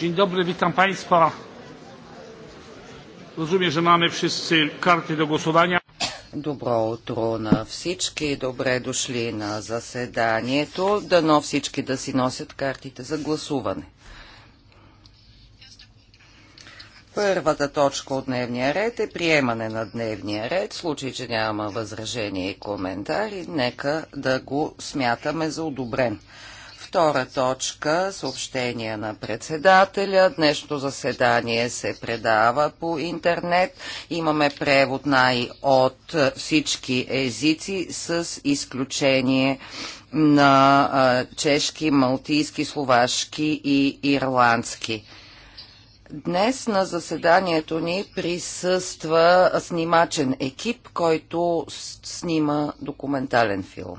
Dzień dobry, witam Państwa. Rozumiem, że mamy wszyscy karty do głosowania. Добро утро на всички. Добре дошли на заседанието. Дано всички да си носят картите за гласуване. Първата точка от дневния ред е приемане на дневния ред. В случай, че няма възражение и коментари, нека да го смятаме за одобрен. Втора точка – съобщение на председателя. Днешното заседание се предава по интернет. Имаме превод най- от всички езици с изключение на чешки, малтийски, словашки и ирландски. Днес на заседанието ни присъства снимачен екип, който снима документален филм.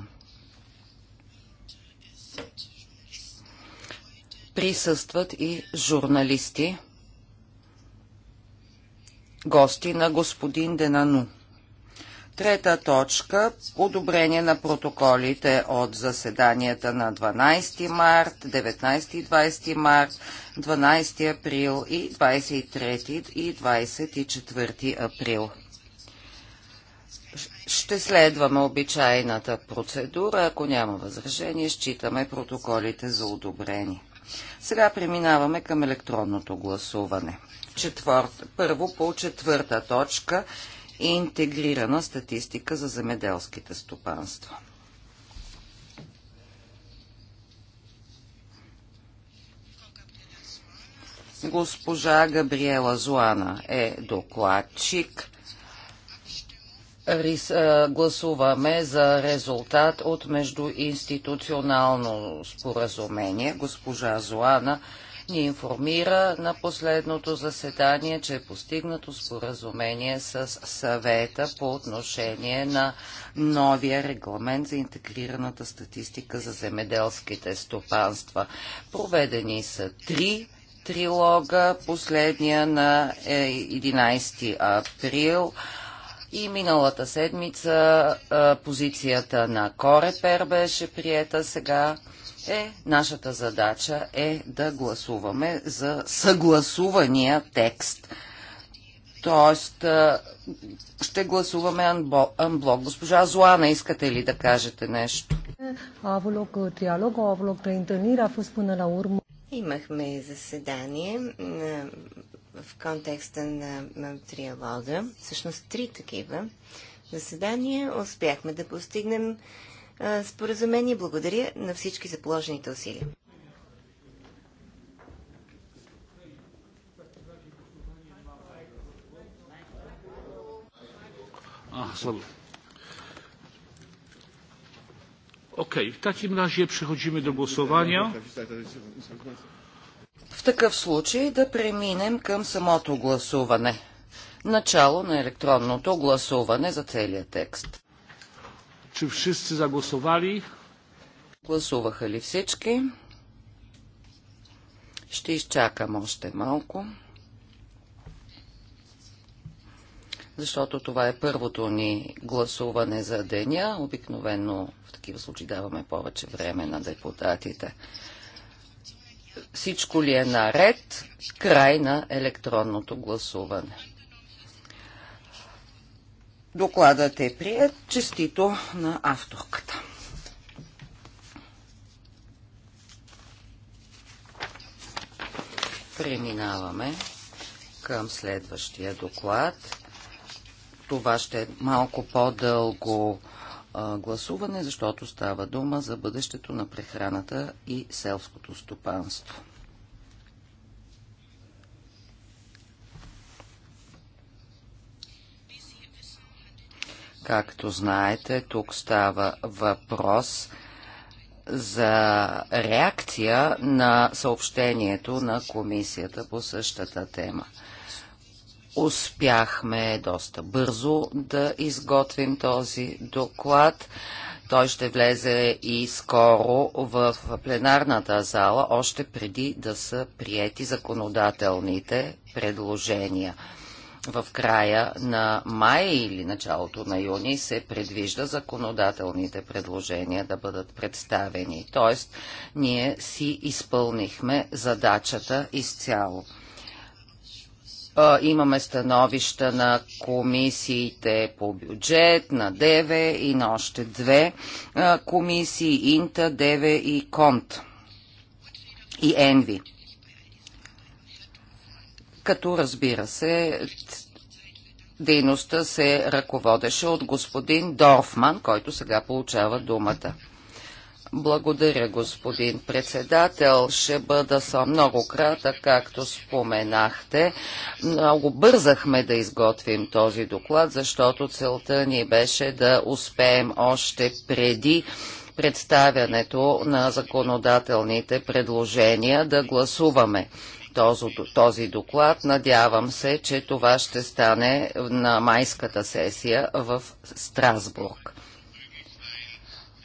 присъстват и журналисти, гости на господин Денану. Трета точка – одобрение на протоколите от заседанията на 12 март, 19 и 20 март, 12 април и 23 и 24 април. Ще следваме обичайната процедура. Ако няма възражение, считаме протоколите за одобрени. Сега преминаваме към електронното гласуване. Четвърта, първо по четвърта точка и интегрирана статистика за земеделските стопанства. Госпожа Габриела Зуана е докладчик гласуваме за резултат от междуинституционално споразумение. Госпожа Зоана ни информира на последното заседание, че е постигнато споразумение с съвета по отношение на новия регламент за интегрираната статистика за земеделските стопанства. Проведени са три трилога, последния на 11 е, април и миналата седмица позицията на Корепер беше приета. Сега е, нашата задача е да гласуваме за съгласувания текст. Тоест, ще гласуваме анблок. Госпожа Зоана, искате ли да кажете нещо? până la urmă. Имахме заседание на в контекста на, на триалога, всъщност три такива заседания, успяхме да постигнем а, споразумение. Благодаря на всички за положените усилия. Okej, okay, w takim razie przechodzimy do głosowania. В такъв случай да преминем към самото гласуване. Начало на електронното гласуване за целия текст. Чи всички загласували? Гласуваха ли всички? Ще изчакам още малко. защото това е първото ни гласуване за деня. Обикновено в такива случаи даваме повече време на депутатите. Всичко ли е наред? Край на електронното гласуване. Докладът е прият. Честито на авторката. Преминаваме към следващия доклад. Това ще е малко по-дълго гласуване, защото става дума за бъдещето на прехраната и селското стопанство. Както знаете, тук става въпрос за реакция на съобщението на комисията по същата тема успяхме доста бързо да изготвим този доклад. Той ще влезе и скоро в пленарната зала, още преди да са приети законодателните предложения. В края на май или началото на юни се предвижда законодателните предложения да бъдат представени. Тоест, ние си изпълнихме задачата изцяло а, имаме становища на комисиите по бюджет, на ДВ и на още две а, комисии Инта, ДВ и КОНТ и ЕНВИ. Като разбира се, дейността се ръководеше от господин Дорфман, който сега получава думата. Благодаря, господин председател. Ще бъда съм много кратък, както споменахте. Много бързахме да изготвим този доклад, защото целта ни беше да успеем още преди представянето на законодателните предложения да гласуваме този, доклад. Надявам се, че това ще стане на майската сесия в Страсбург.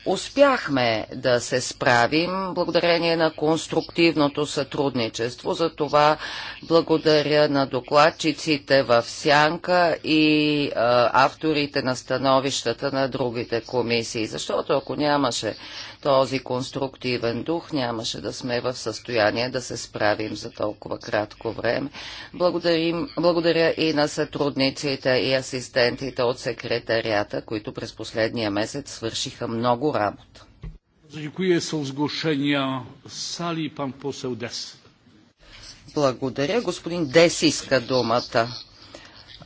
Успяхме да се справим благодарение на конструктивното сътрудничество. За това благодаря на докладчиците в Сянка и авторите на становищата на другите комисии. Защото ако нямаше този конструктивен дух нямаше да сме в състояние да се справим за толкова кратко време. Благодарим, благодаря и на сътрудниците и асистентите от секретарията, които през последния месец свършиха много работа. Благодаря. Господин Дес иска думата.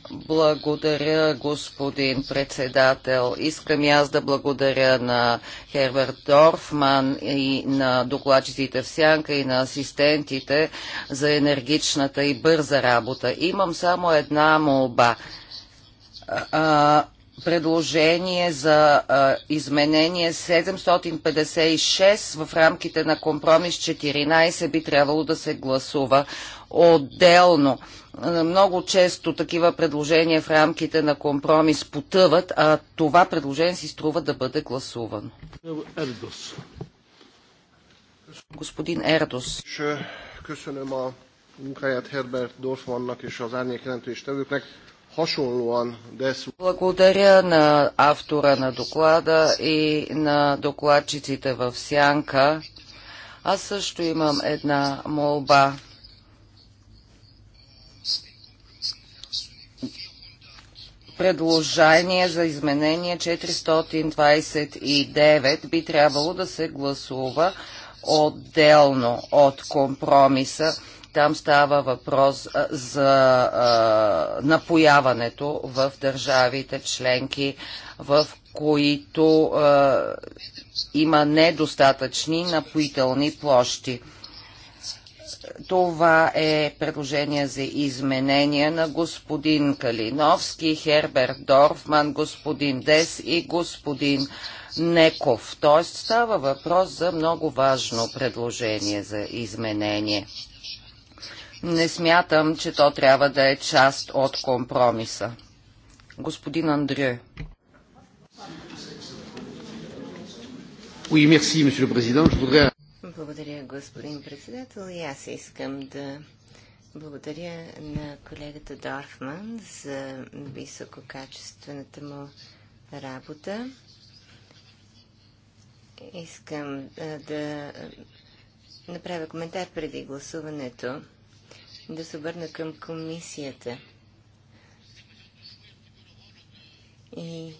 Благодаря, господин председател. Искам и аз да благодаря на Херберт Дорфман и на докладчиците в Сянка и на асистентите за енергичната и бърза работа. Имам само една молба предложение за а, изменение 756 в рамките на компромис 14 би трябвало да се гласува отделно. Много често такива предложения в рамките на компромис потъват, а това предложение си струва да бъде гласувано. Ердос. Господин Ердос. Köszönöm a munkáját Herbert Dorfmannak és az благодаря на автора на доклада и на докладчиците в Сянка. Аз също имам една молба. Предложение за изменение 429 би трябвало да се гласува отделно от компромиса там става въпрос за а, напояването в държавите членки, в които а, има недостатъчни напоителни площи. Това е предложение за изменение на господин Калиновски, Херберт Дорфман, господин Дес и господин Неков. Тоест става въпрос за много важно предложение за изменение не смятам, че то трябва да е част от компромиса. Господин Андрю. Oui, merci, monsieur le président. Je voudrais... Благодаря, господин председател. И аз искам да благодаря на колегата Дорфман за висококачествената му работа. Искам да направя коментар преди гласуването да се обърна към комисията. И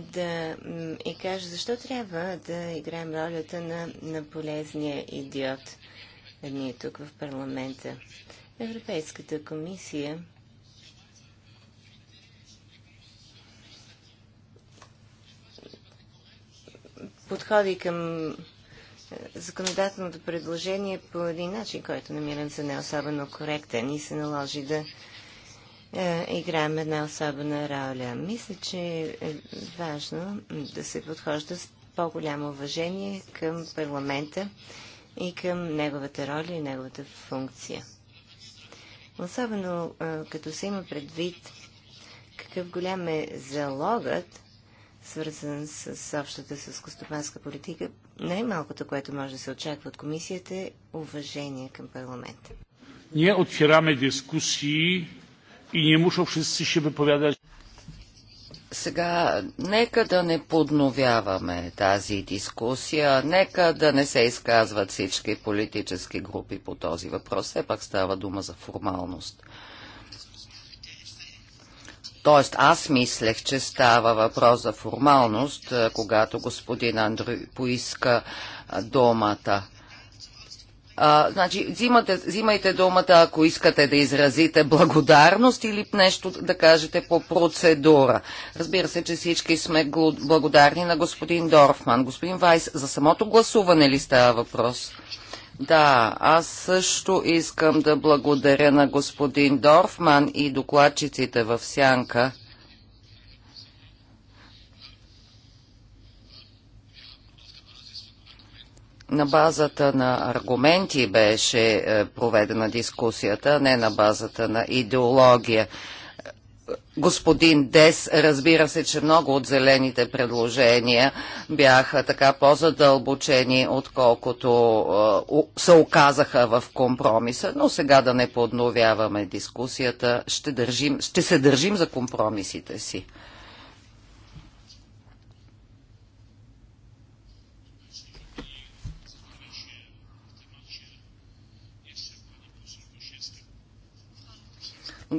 да и кажа, защо трябва да играем ролята на, на полезния идиот ние тук в парламента. Европейската комисия подходи към законодателното предложение по един начин, който намирам за не особено коректен и се наложи да е, играем една особена роля. Мисля, че е важно да се подхожда с по-голямо уважение към парламента и към неговата роля и неговата функция. Особено е, като се има предвид какъв голям е залогът, свързан с общата сълскостопанска политика, най-малкото, което може да се очаква от комисията е уважение към парламента. Ние отвираме дискусии и не му всички ще выповядать. Сега, нека да не подновяваме тази дискусия, нека да не се изказват всички политически групи по този въпрос. Все пак става дума за формалност. Тоест, аз мислех, че става въпрос за формалност, когато господин Андрю поиска думата. А, значи, взимате, взимайте думата, ако искате да изразите благодарност или нещо да кажете по процедура. Разбира се, че всички сме благодарни на господин Дорфман. Господин Вайс, за самото гласуване ли става въпрос? Да, аз също искам да благодаря на господин Дорфман и докладчиците в Сянка. На базата на аргументи беше е, проведена дискусията, не на базата на идеология господин Дес, разбира се, че много от зелените предложения бяха така по-задълбочени, отколкото е, се оказаха в компромиса, но сега да не подновяваме дискусията, ще, държим, ще се държим за компромисите си.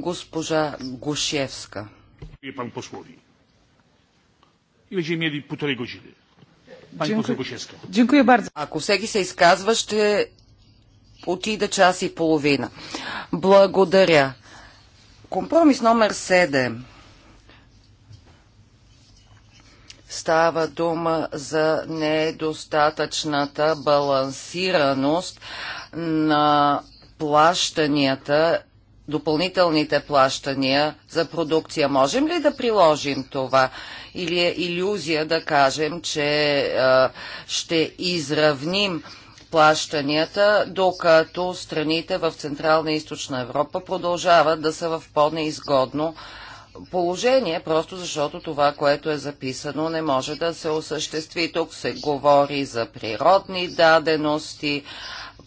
госпожа Гошевска. И пан послови. И вече Ако всеки се изказва, ще отида час и половина. Благодаря. Компромис номер 7. Става дума за недостатъчната балансираност на плащанията допълнителните плащания за продукция. Можем ли да приложим това? Или е иллюзия да кажем, че а, ще изравним плащанията, докато страните в Централна и Източна Европа продължават да са в по-неизгодно положение, просто защото това, което е записано, не може да се осъществи. Тук се говори за природни дадености,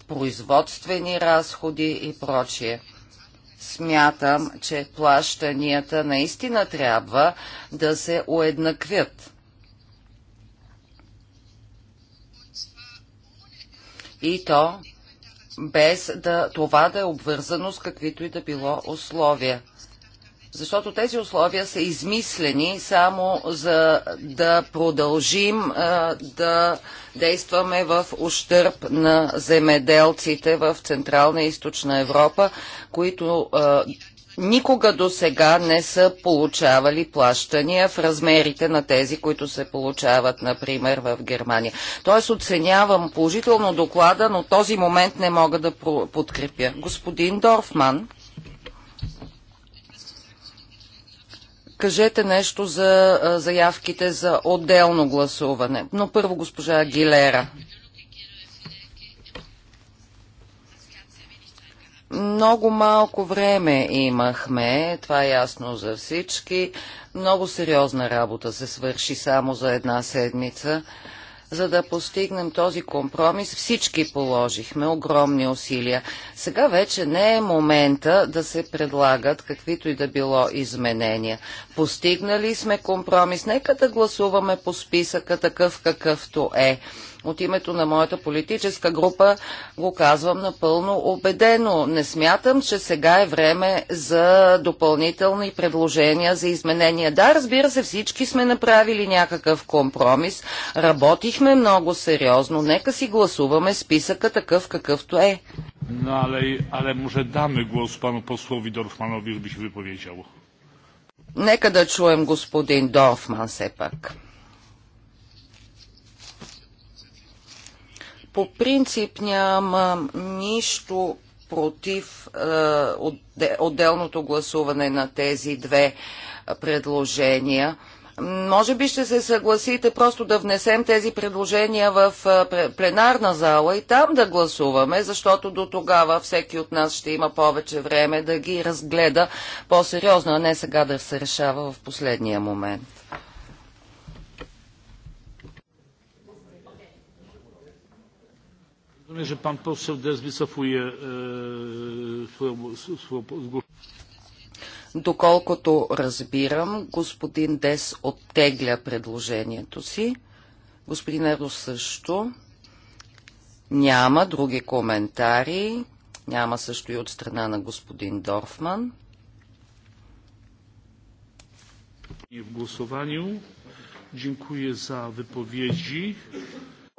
производствени разходи и прочие. Смятам, че плащанията наистина трябва да се уеднаквят. И то без да, това да е обвързано с каквито и да било условия. Защото тези условия са измислени само за да продължим а, да действаме в ущърп на земеделците в Централна и Източна Европа, които а, никога до сега не са получавали плащания в размерите на тези, които се получават, например, в Германия. Тоест оценявам положително доклада, но този момент не мога да подкрепя. Господин Дорфман. кажете нещо за заявките за отделно гласуване. Но първо госпожа Гилера. Много малко време имахме, това е ясно за всички. Много сериозна работа се свърши само за една седмица за да постигнем този компромис, всички положихме огромни усилия. Сега вече не е момента да се предлагат каквито и да било изменения. Постигнали сме компромис, нека да гласуваме по списъка такъв какъвто е. От името на моята политическа група го казвам напълно убедено. Не смятам, че сега е време за допълнителни предложения за изменения. Да, разбира се, всички сме направили някакъв компромис. Работихме много сериозно. Нека си гласуваме списъка такъв какъвто е. No ale, ale może damy głos panu posłowi Dorfmanowi, żeby się wypowiedział. Нека да чуем господин Дорфман все пак. по принцип нямам нищо против е, отделното гласуване на тези две е, предложения. Може би ще се съгласите просто да внесем тези предложения в е, пленарна зала и там да гласуваме, защото до тогава всеки от нас ще има повече време да ги разгледа по-сериозно, а не сега да се решава в последния момент. rozumiem, że pan poseł Des wycofuje e, swoją zgłoszenie. Доколкото разбирам, господин Дес оттегля предложението си. Господин Еро също. Няма други коментари. Няма също и от страна на господин Дорфман. И в гласуванию. Dziękuję za wypowiedzi.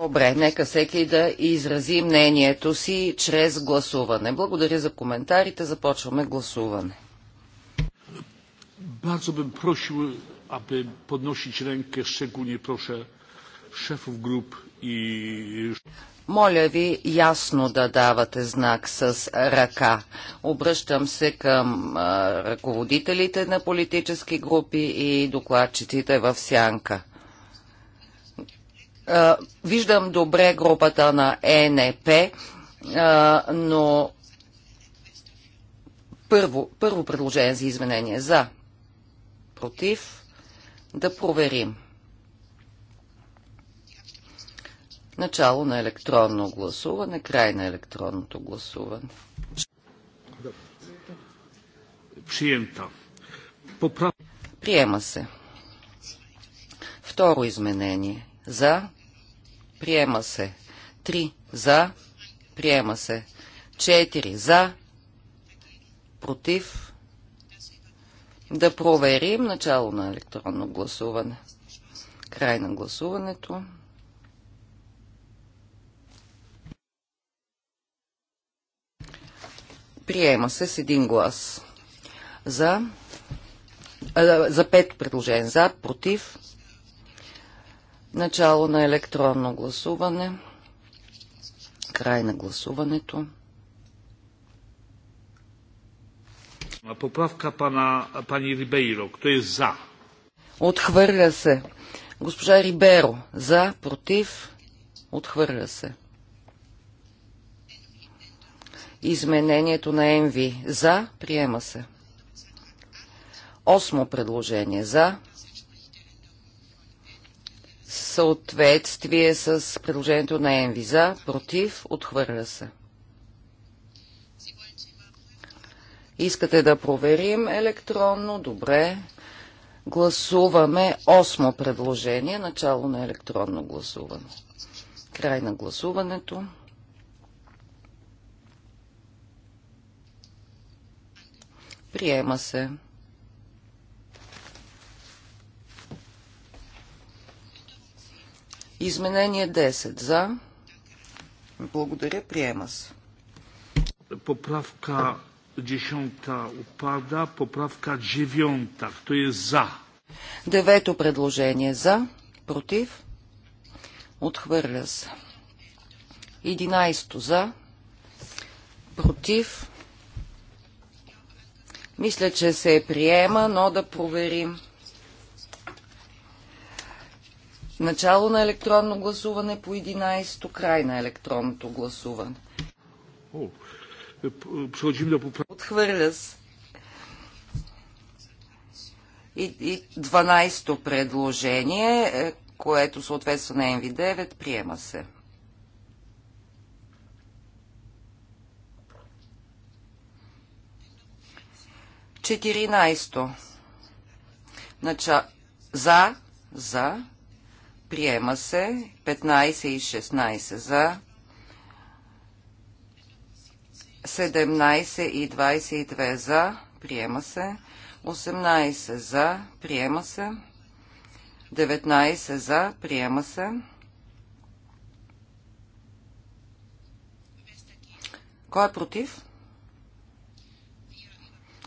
Добре, нека всеки да изрази мнението си чрез гласуване. Благодаря за коментарите. Започваме гласуване. Bardzo bym prosił, aby podnosić rękę, szczególnie proszę szefów grup i... Моля ви ясно да давате знак с ръка. Обръщам се към ръководителите на политически групи и докладчиците в сянка. Е, виждам добре групата на ЕНП, е, но първо, първо предложение за изменение за, против, да проверим. Начало на електронно гласуване, край на електронното гласуване. Приема се. Второ изменение. За, Приема се. 3 за. Приема се. 4 за. Против. Да проверим начало на електронно гласуване. Край на гласуването. Приема се с един глас. За. за пет предложения. за. Против. Начало на електронно гласуване. Край на гласуването. Поправка пана, пани Рибейро. Кто е за? Отхвърля се. Госпожа Риберо. За, против. Отхвърля се. Изменението на МВ, За. Приема се. Осмо предложение. За съответствие с предложението на ЕНВИЗА. За, против, отхвърля се. Искате да проверим електронно? Добре. Гласуваме осмо предложение, начало на електронно гласуване. Край на гласуването. Приема се. Изменение 10 за. Благодаря, приема се. Поправка 10 опада, поправка 9. Кто е за? Девето предложение за, против, отхвърля се. Единайсто за, против, мисля, че се е приема, но да проверим. Начало на електронно гласуване по 11-то, край на електронното гласуване. Отхвърля се. И, и 12-то предложение, е, което съответства на МВ9, приема се. Четиринайсто. Нача... За, за, Приема се 15 и 16 за 17 и 22 за. Приема се 18 за. Приема се 19 за. Приема се Кой е против?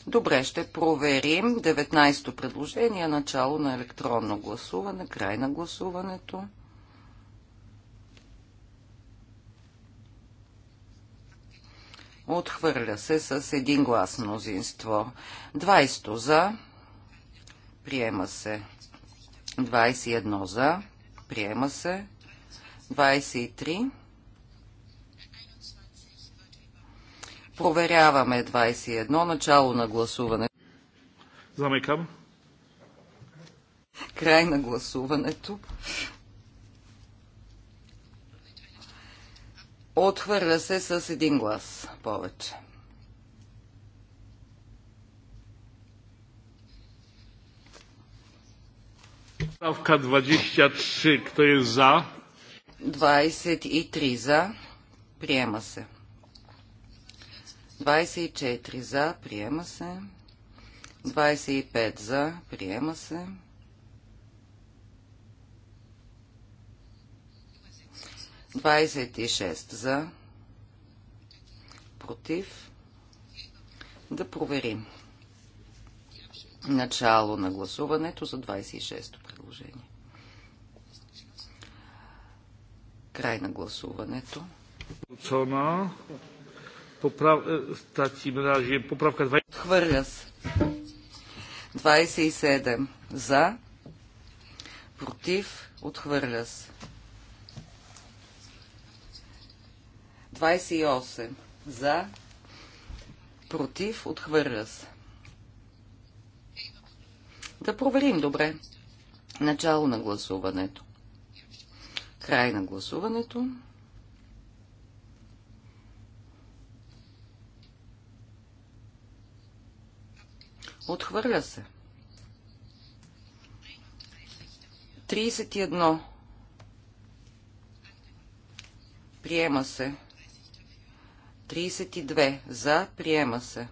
Добре, ще проверим 19-то предложение, начало на електронно гласуване, край на гласуването. Отхвърля се с един глас мнозинство. 20 за. Приема се. 21 за. Приема се. 23. Проверяваме 21. Начало на гласуване. Замекам. Край на гласуването. Отхвърля се с един глас повече. Ставка 23. Кто е за? 23 за. Приема се. 24 за, приема се. 25 за, приема се. 26 за. Против. Да проверим. Начало на гласуването за 26-то предложение. Край на гласуването в е, поправка 20. Отхвърля се. 27 за, против, отхвърля се. 28 за, против, отхвърля се. Да проверим добре. Начало на гласуването. Край на гласуването. Отхвърля се. 31. Приема се. 32. За. Приема се.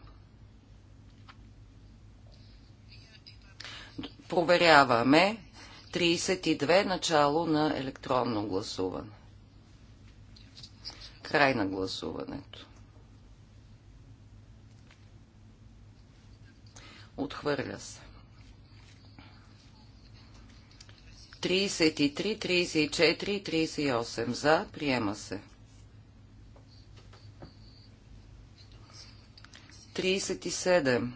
Проверяваме. 32. Начало на електронно гласуване. Край на гласуването. Отхвърля се. 33, 34, 38. За. Приема се. 37.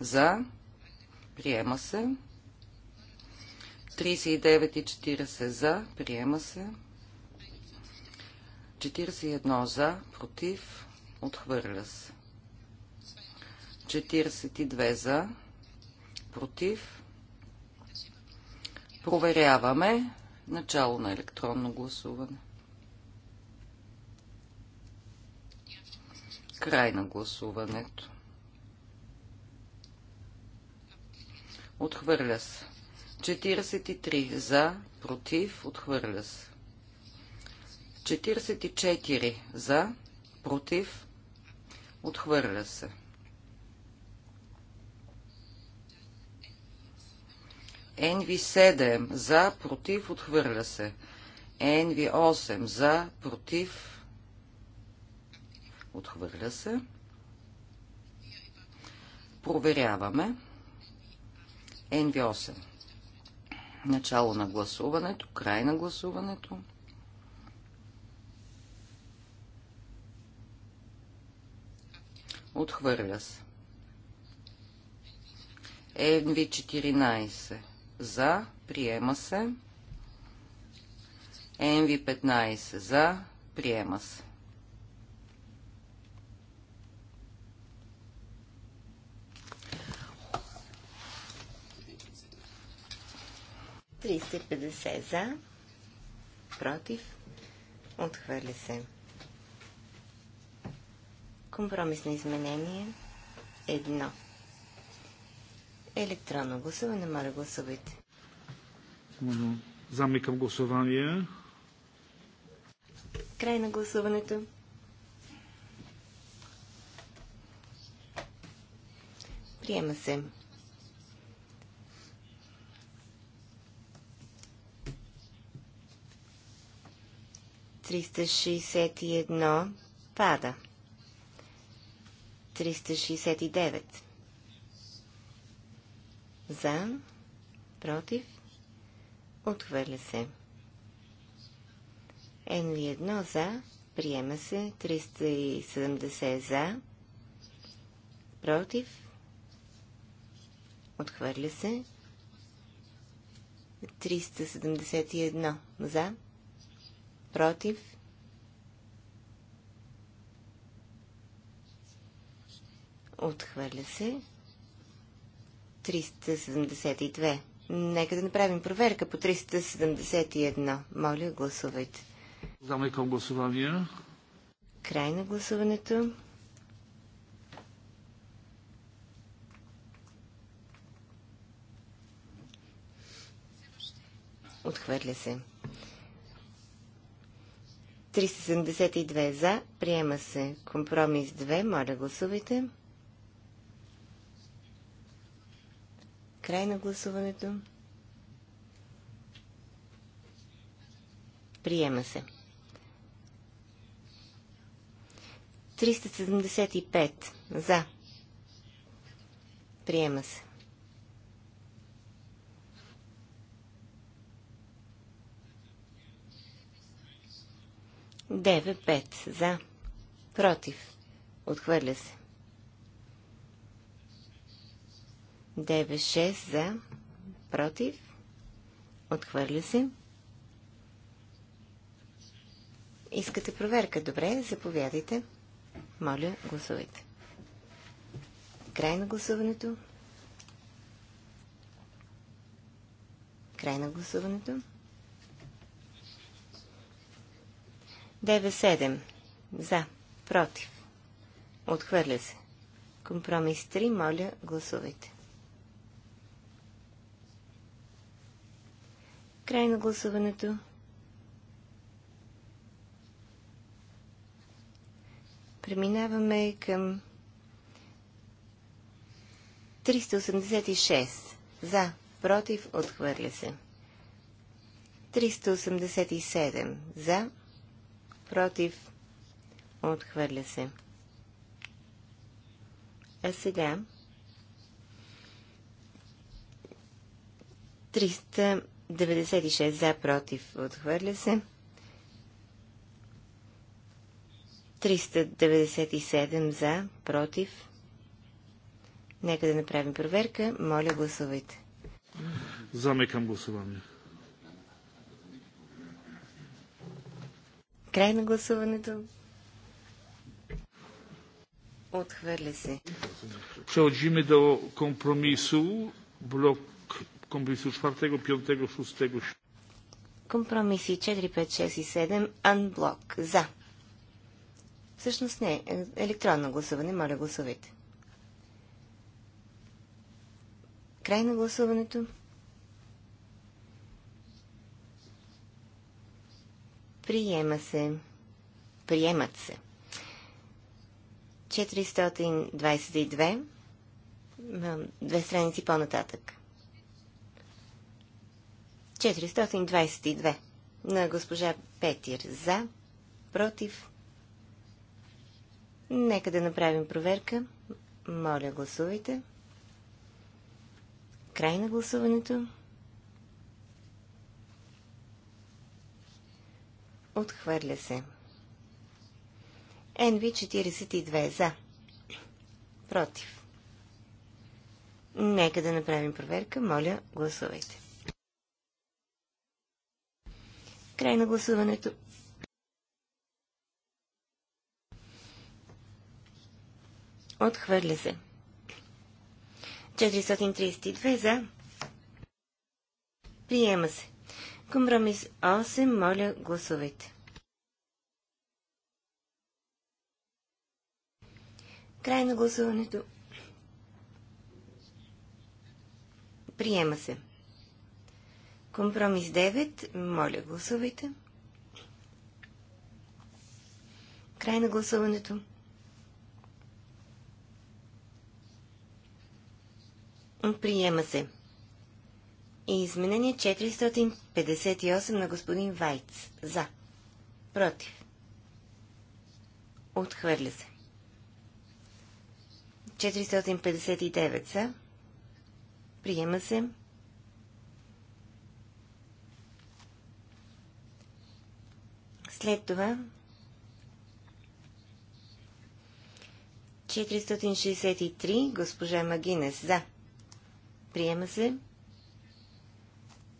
За. Приема се. 39 и 40 за. Приема се. 41 за. Против. Отхвърля се. 42 за, против. Проверяваме начало на електронно гласуване. Край на гласуването. Отхвърля се. 43 за, против, отхвърля се. 44 за, против, отхвърля се. NV7 за, против, отхвърля се. NV8 за, против, отхвърля се. Проверяваме. NV8. Начало на гласуването, край на гласуването. Отхвърля се. NV14 за, приема се. НВ-15 за, приема се. Триста за, против, отхвърля се. Компромисно изменение едно електронно гласуване. Моля, гласувайте. към гласование. Край на гласуването. Приема се. Триста шестдесет и едно пада. Триста шестдесет и девет. За. Против. Отхвърля се. N1 за. Приема се. 370 за. Против. Отхвърля се. 371 за. Против. Отхвърля се. 372. Нека да направим проверка по 371. Моля, гласувайте. към гласувания. Край на гласуването. Отхвърля се. 372 за. Приема се. Компромис 2. Моля, гласувайте. Край на гласуването. Приема се. 375 за. Приема се. 9 пет за. Против. Отхвърля се. 9-6 за, против, отхвърля се. Искате проверка? Добре, заповядайте. Моля, гласувайте. Край на гласуването. Край на гласуването. 9-7. За. Против. Отхвърля се. Компромис 3. Моля, гласувайте. Край на гласуването. Преминаваме към 386. За, против, отхвърля се. 387. За, против, отхвърля се. А сега 96 за, против, отхвърля се. 397 за, против. Нека да направим проверка. Моля, гласувайте. Замекам гласуване. Край на гласуването. Отхвърля се. до компромису. Блок 3 kompromisu 4, 5, 6. Компромиси 4, 5, 6 и 7. Unblock. За. Всъщност не. Електронно гласуване. Моля, гласувайте. Край на гласуването. Приема се. Приемат се. 422. Две страници по-нататък. 422 на госпожа Петир за, против. Нека да направим проверка. Моля, гласувайте. Край на гласуването. Отхвърля се. НВ 42 за. Против. Нека да направим проверка. Моля, гласувайте. Край на гласуването. Отхвърля се. 432 за. Приема се. Компромис 8. Моля, гласувайте. Край на гласуването. Приема се. Компромис 9. Моля, гласувайте. Край на гласуването. Приема се. И изменение 458 на господин Вайц. За. Против. Отхвърля се. 459 са. Приема се. След това 463 госпожа Магинес за. Приема се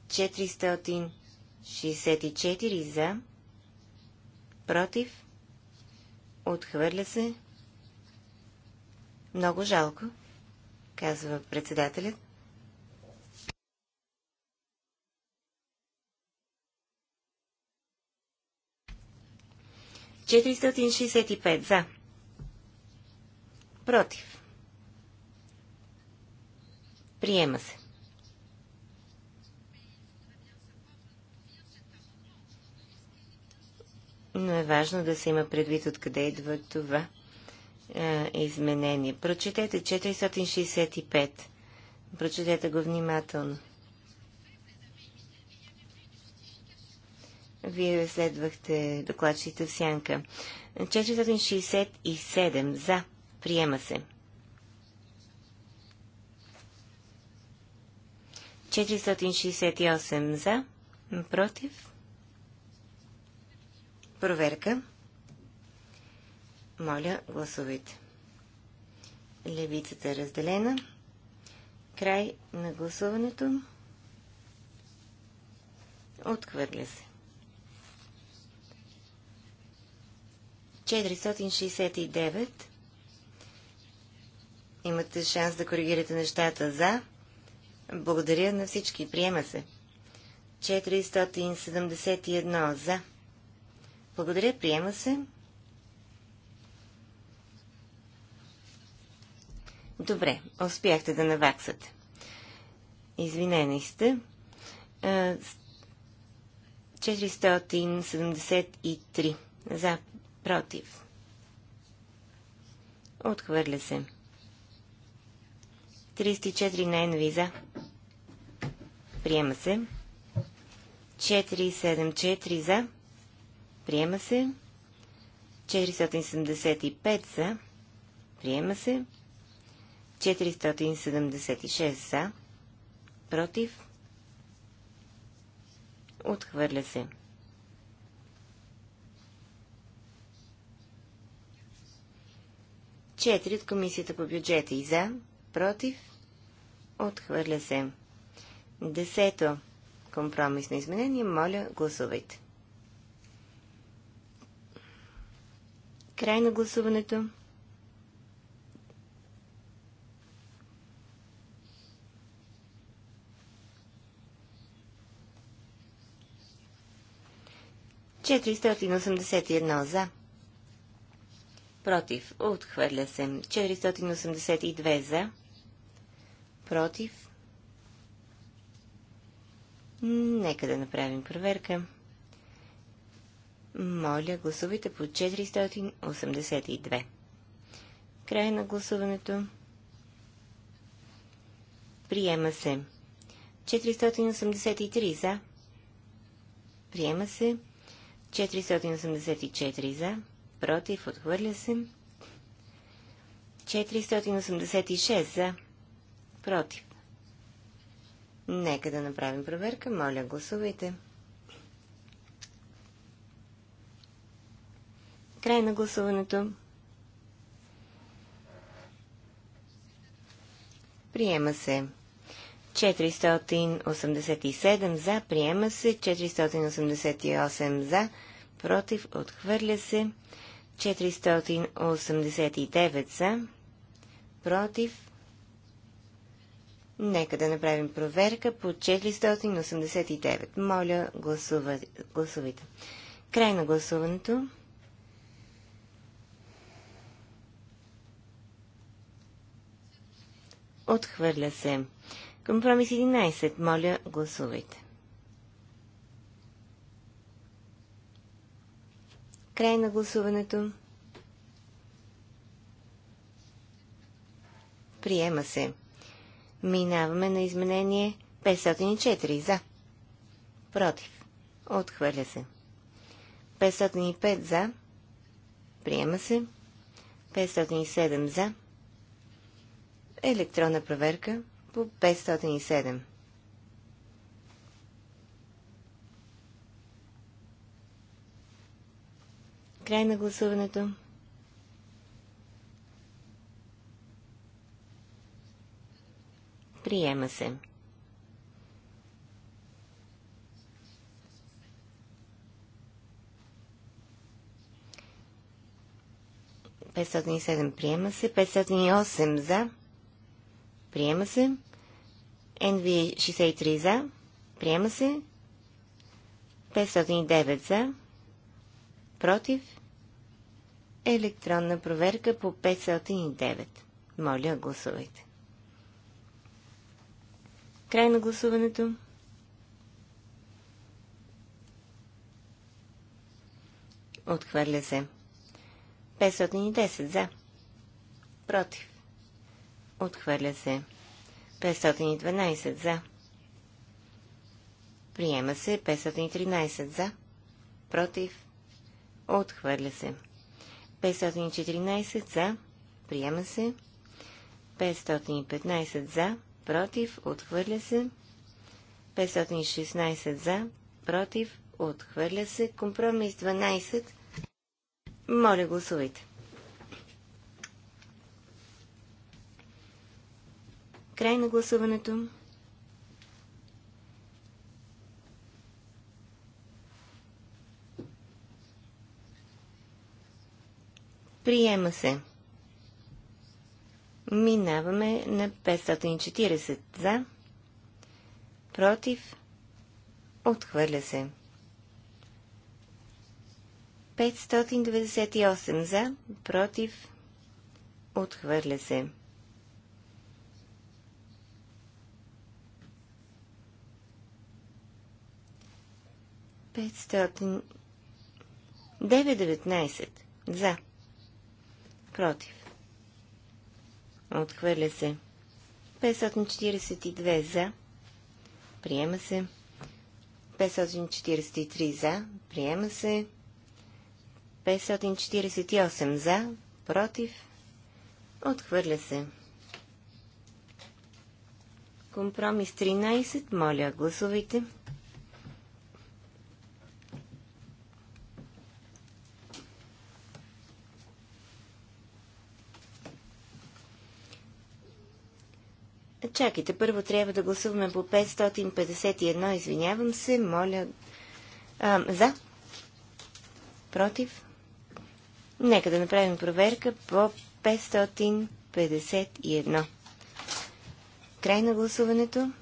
464 за. Против. Отхвърля се. Много жалко, казва председателят. 465 за. Против. Приема се. Но е важно да се има предвид откъде идва това е, изменение. Прочетете 465. Прочетете го внимателно. Вие следвахте докладчите в сянка. 467 за. Приема се. 468 за. Против. Проверка. Моля, гласувайте. Левицата е разделена. Край на гласуването. Отхвърля се. 469. Имате шанс да коригирате нещата за. Благодаря на всички. Приема се. 471 за. Благодаря. Приема се. Добре. Успяхте да наваксате. Извинени сте. 473 е, за. Против. Отхвърля се. 34 най-нови за. Приема се. 474 за. Приема се. 475 за. Приема се. 476 за. Против. Отхвърля се. 4 от Комисията по бюджета и за, против, отхвърля се. Десето компромисно изменение, моля, гласувайте. Край на гласуването. Четиристотин за Против. Отхвърля се. 482 за. Против. Нека да направим проверка. Моля, гласувайте по 482. Край на гласуването. Приема се. 483 за. Приема се. 484 за против, отхвърля се. 486 за, против. Нека да направим проверка. Моля, гласувайте. Край на гласуването. Приема се. 487 за, приема се, 488 за, против, отхвърля се, 489 са против. Нека да направим проверка по 489. Моля, гласува, гласувайте. Край на гласуването. Отхвърля се. Компромис 11. Моля, гласувайте. Край на гласуването. Приема се. Минаваме на изменение 504 за. Против. Отхвърля се. 505 за. Приема се. 507 за. Електронна проверка по 507. Край на гласуването. Приема се. Петстотин приема се. 508 за. Приема се. NV 63 за. Приема се. 509 за. Против електронна проверка по 509. Моля, гласувайте. Край на гласуването. Отхвърля се. 510 за. Против. Отхвърля се. 512 за. Приема се 513 за. Против. Отхвърля се. 514 за, приема се. 515 за, против, отхвърля се. 516 за, против, отхвърля се. Компромис 12. Моля, гласувайте. Край на гласуването. Приема се. Минаваме на 540 за. Против. Отхвърля се. 598 за. Против. Отхвърля се. Петстотин... 919 за. Против. Отхвърля се. 542 за. Приема се. 543 за. Приема се. 548 за. Против. Отхвърля се. Компромис 13. Моля, гласувайте. Чакайте, първо трябва да гласуваме по 551, извинявам се, моля. А, за? Против? Нека да направим проверка по 551. Край на гласуването.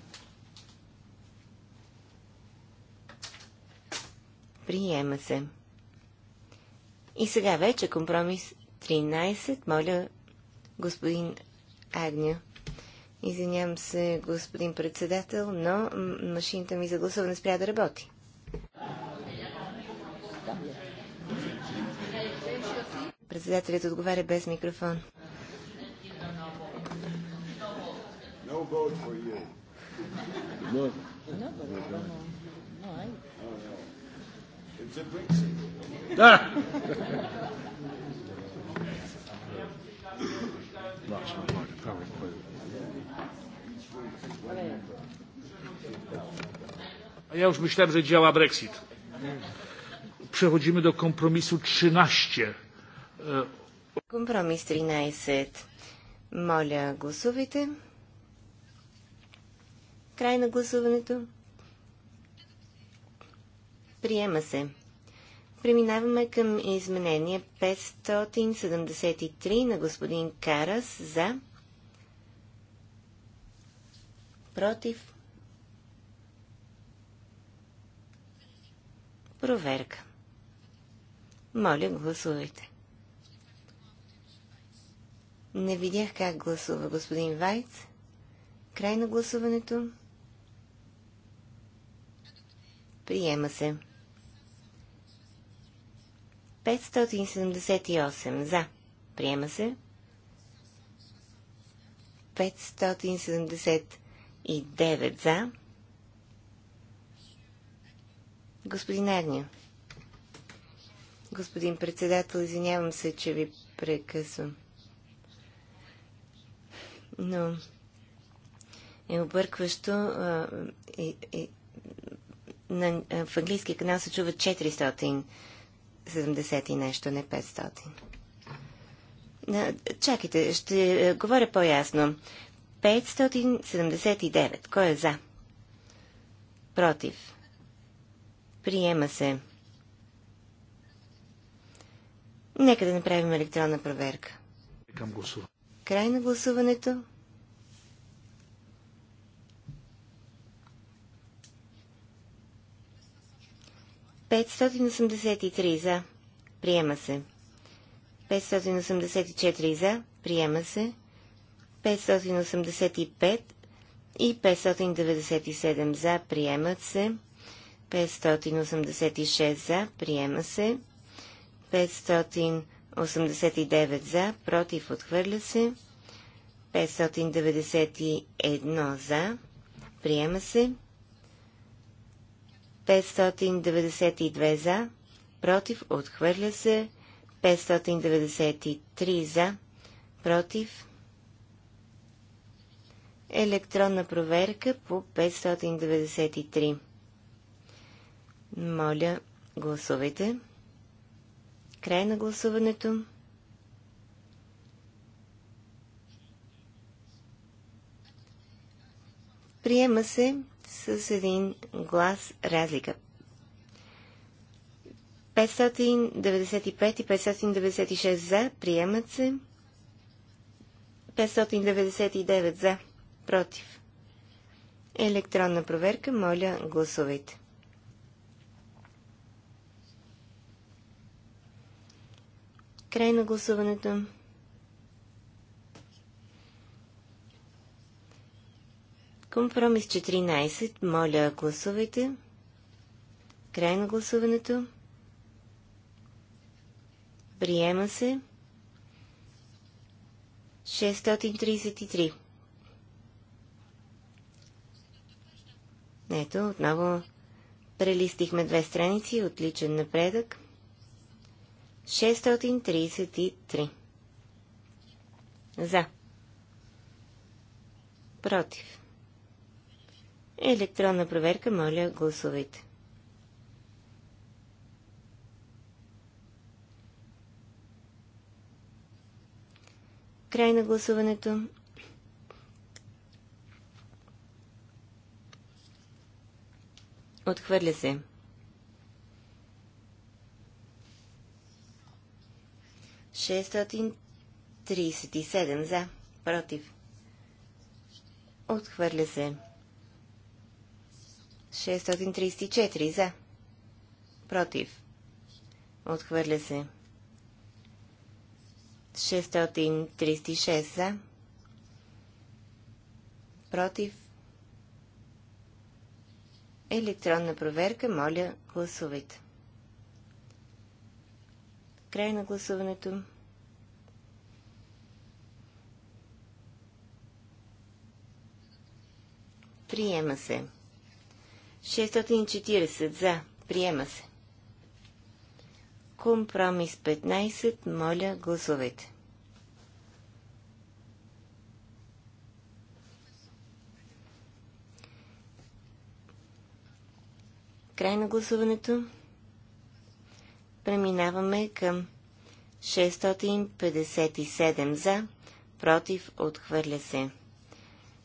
Приема се. И сега вече компромис 13. Моля, господин Агню. Извинявам се, господин председател, но машината ми за гласуване спря да работи. Председателят отговаря без микрофон. Да! vote for you. No. No, no, no, no. I... It's a Brexit. Ah! That's my PowerPoint. A ja już myślałem, że działa Brexit. Przechodzimy do kompromisu 13. Компромис 13. Моля, гласувайте. Край на гласуването. Приема се. Преминаваме към изменение 573 на господин Карас за против. Проверка. Моля, гласувайте. Не видях как гласува господин Вайц. Край на гласуването. Приема се. 578 за. Приема се. 570. 9 за. Господин Агня. Господин председател, извинявам се, че ви прекъсвам. Но е объркващо. А, и, и, на, в английския канал се чува 470 и нещо, не 500. А, чакайте, ще говоря по-ясно. 579. Кой е за? Против. Приема се. Нека да направим електронна проверка. Към Край на гласуването. Петстотин за. Приема се. 584 за. Приема се. 585 и 597 за приемат се. 586 за приема се. 589 за против отхвърля се. 591 за приема се. 592 за против отхвърля се. 593 за против електронна проверка по 593. Моля, гласувайте. Край на гласуването. Приема се с един глас разлика. 595 и 596 за. Приемат се. 599 за против. Електронна проверка, моля, гласувайте. Край на гласуването. Компромис 14. Моля, гласувайте. Край на гласуването. Приема се. 633. Ето, отново прелистихме две страници, отличен напредък. 633. За. Против. Електронна проверка, моля, гласувайте. Край на гласуването. Отхвърля се. Шестотин за. Против. Отхвърля се. 634 за. Против. Отхвърля се. 636 за. Против електронна проверка. Моля, гласувайте. Край на гласуването. Приема се. 640 за. Приема се. Компромис 15. Моля, гласувайте. Край на гласуването. Преминаваме към 657 за, против, отхвърля се.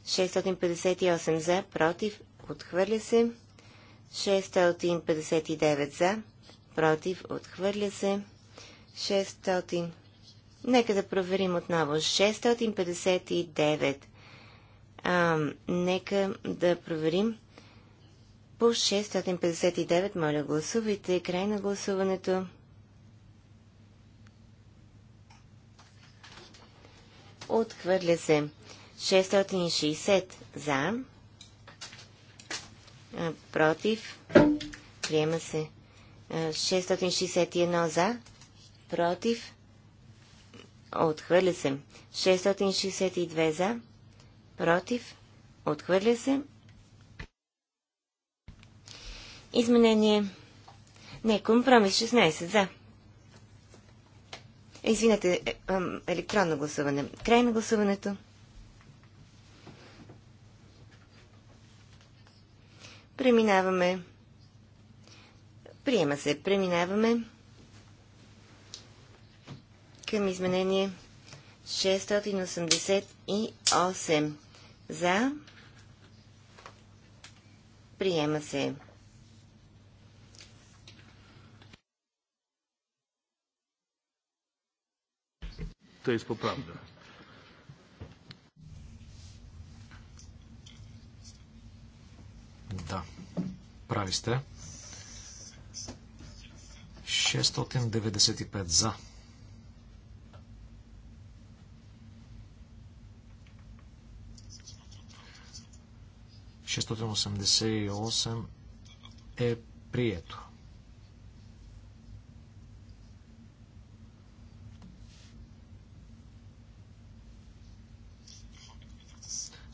658 за, против, отхвърля се. 659 за, против, отхвърля се. 600. Нека да проверим отново. 659. А, нека да проверим по 659, моля гласувайте. Край на гласуването. Отхвърля се. 660 за. Против. Приема се. 661 за. Против. Отхвърля се. 662 за. Против. Отхвърля се. Изменение. Не, компромис 16 за. Извинете, е, електронно гласуване. Край на гласуването. Преминаваме. Приема се. Преминаваме към изменение 688. За. Приема се. to jest poprawne. Да, прави сте. 695 за. Шестотин е прието.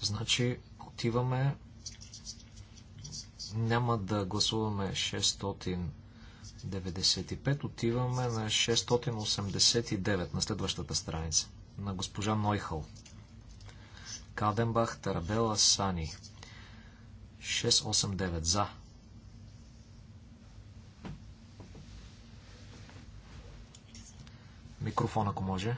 Значи отиваме, няма да гласуваме 695, отиваме на 689 на следващата страница на госпожа Нойхъл. Каденбах, Тарабела, Сани. 689 за. Микрофон, ако може.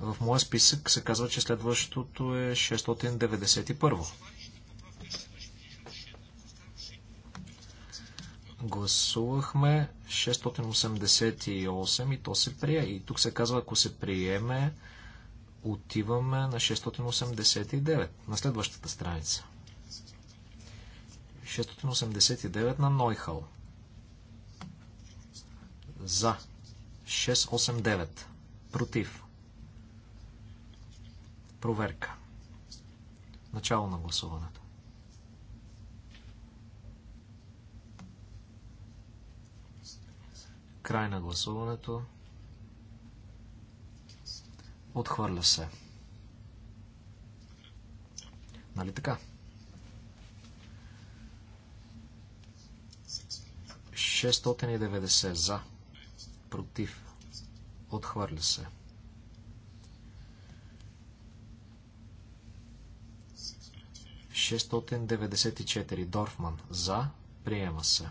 В моя списък се казва, че следващото е 691. Гласувахме 688 и то се прие. И тук се казва, ако се приеме, отиваме на 689, на следващата страница. 689 на Нойхал. За. 689. Против. Проверка. Начало на гласуването. Край на гласуването. Отхвърля се. Нали така? 690 за. Против. Отхвърля се. 1. 694 Дорфман за, приема се.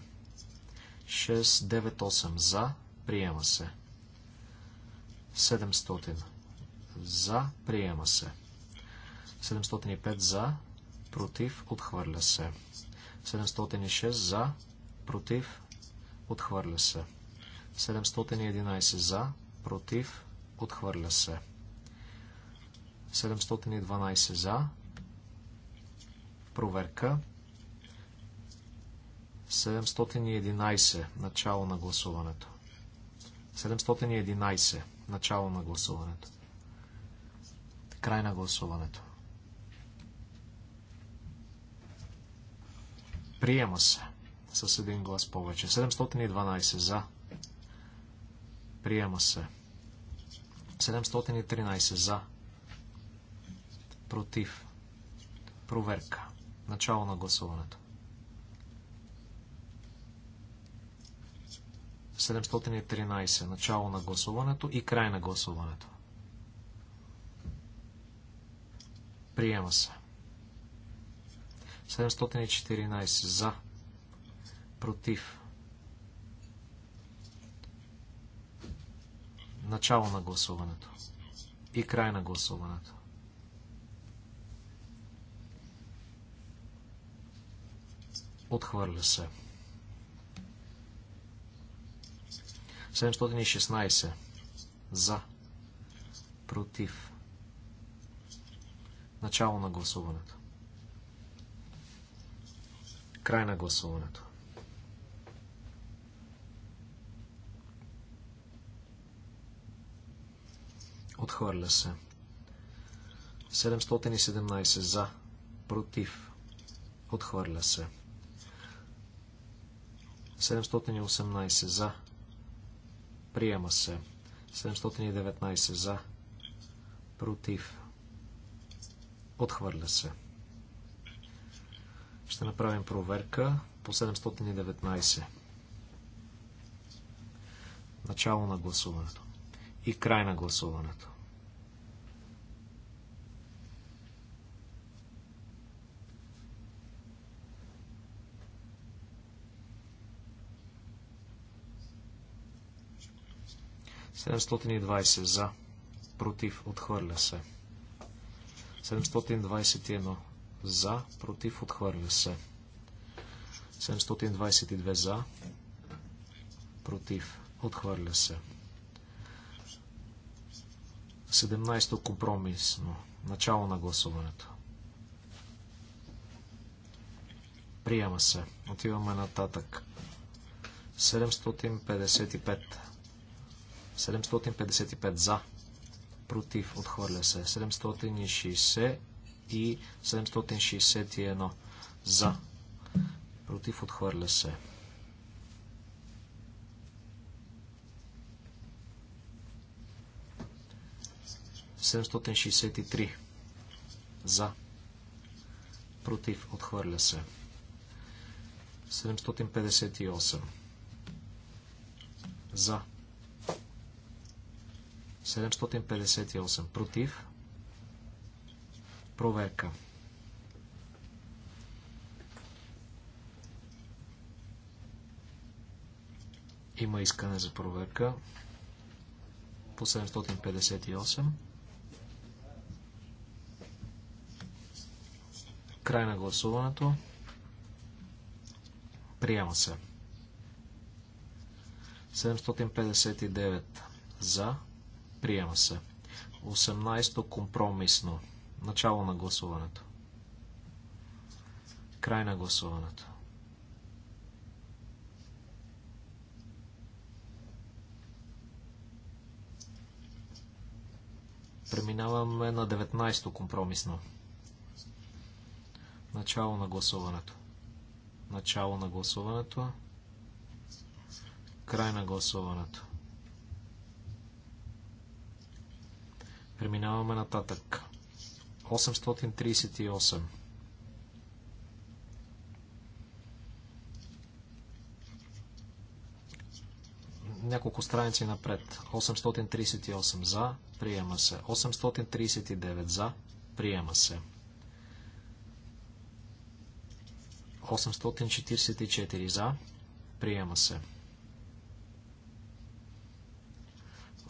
698 за, приема се. 700 за, приема се. 705 за, против, отхвърля се. 706 за, против, отхвърля се. 711 за, против, отхвърля се. 712 за, Проверка. 711. Начало на гласуването. 711. Начало на гласуването. Край на гласуването. Приема се с един глас повече. 712 за. Приема се. 713 за. Против. Проверка. 713. Начало на гласуването. 713. Начало на гласуването и край на гласуването. Приема се. 714. За. Против. Начало на гласуването. И край на гласуването. Отхвърля се. 716. За. Против. Начало на гласуването. Край на гласуването. Отхвърля се. 717 за. Против. Отхвърля се. 718. 718 за. Приема се. 719 за. Против. Отхвърля се. Ще направим проверка по 719. Начало на гласуването. И край на гласуването. 720 за. Против. Отхвърля се. 721 за. Против. Отхвърля се. 722 за. Против. Отхвърля се. 17 компромисно. Начало на гласуването. Приема се. Отиваме нататък. 755 755 за, против, отхвърля се. 760 и 761 за, против, отхвърля се. Седемстотен за против отхвърля се 758 за 758 против. Проверка. Има искане за проверка по 758. Край на гласуването. Приема се. 759 за, Приема се. 18-то компромисно. Начало на гласуването. Край на гласуването. Преминаваме на 19-то компромисно. Начало на гласуването. Начало на гласуването. Край на гласуването. Преминаваме нататък. 838. няколко страници напред. 838 за, приема се. 839 за, приема се. 844 за, приема се.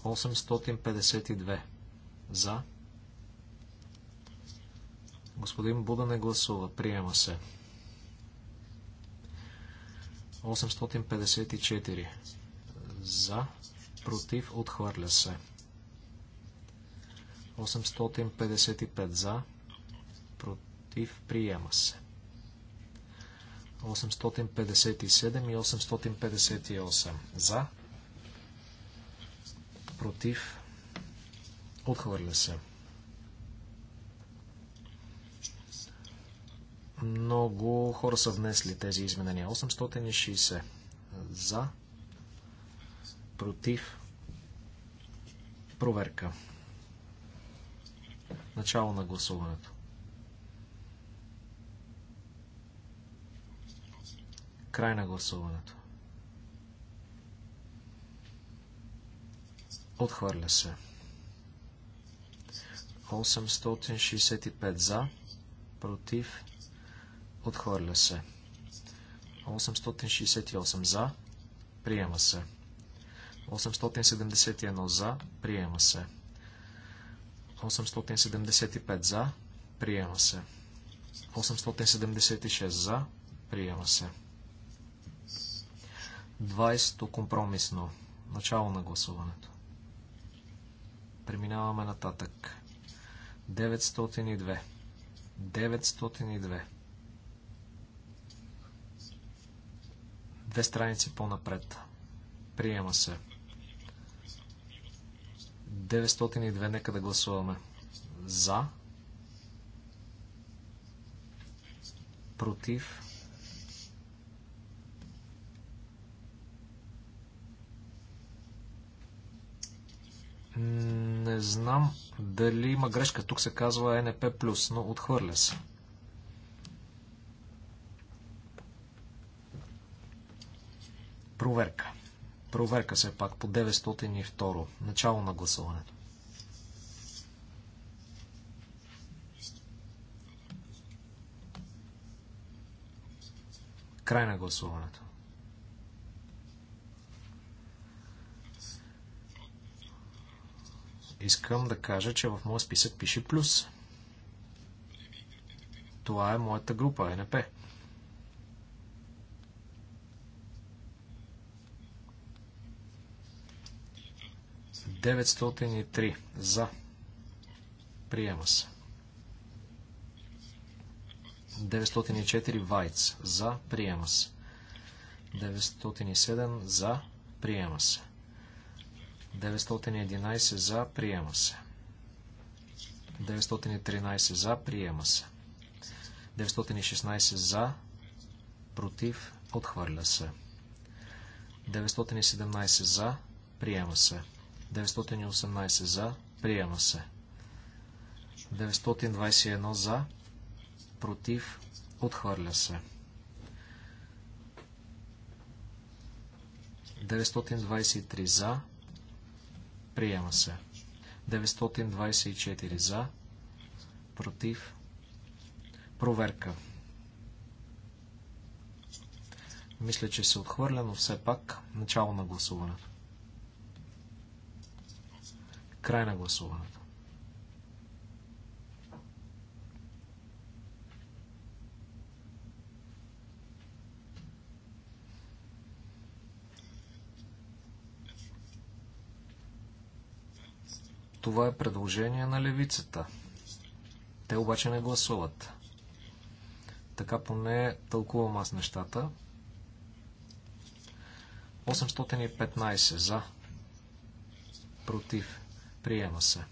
852 за. Господин Буда не гласува. Приема се. 854. За. Против. Отхвърля се. 855. За. Против. Приема се. 857 и 858. За. Против. Отхвърля се. Много хора са внесли тези изменения. 860 за, против, проверка. Начало на гласуването. Край на гласуването. Отхвърля се. 865 за, против, отхвърля се. 868 за, приема се. 871 за, приема се. 875 за, приема се. 876 за, приема се. 20 компромисно. Начало на гласуването. Преминаваме нататък. 902. 902. Две страници по-напред. Приема се. 902. Нека да гласуваме. За. Против. Не знам дали има грешка. Тук се казва НП+, но отхвърля се. Проверка. Проверка се пак по 902. Начало на гласуването. Край на гласуването. искам да кажа, че в моя списък пише плюс. Това е моята група, е НП. Деветстотин и три. За. Приема се. 904 Вайц. За. Приема се. 907 за. Приема се. 911 за, приема се. 913 за, приема се. 916 за, против, отхвърля се. 917 за, приема се. 918 за, приема се. 921 за, против, отхвърля се. 923 за, Приема се. 924 за. Против. Проверка. Мисля, че се отхвърля, но все пак начало на гласуването. Край на гласуването. Това е предложение на левицата. Те обаче не гласуват. Така поне тълкувам аз нещата. 815 за. Против. Приема се.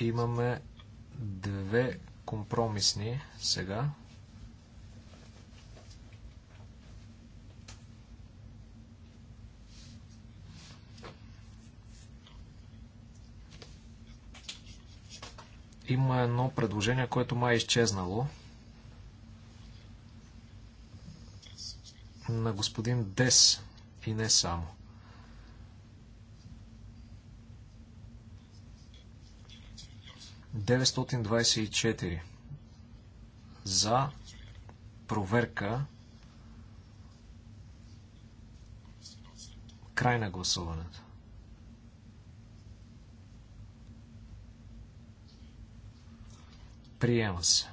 Имаме две компромисни сега. Има едно предложение, което май е изчезнало. На господин Дес и не само. Деветстотин за проверка край на гласуването. Приема се.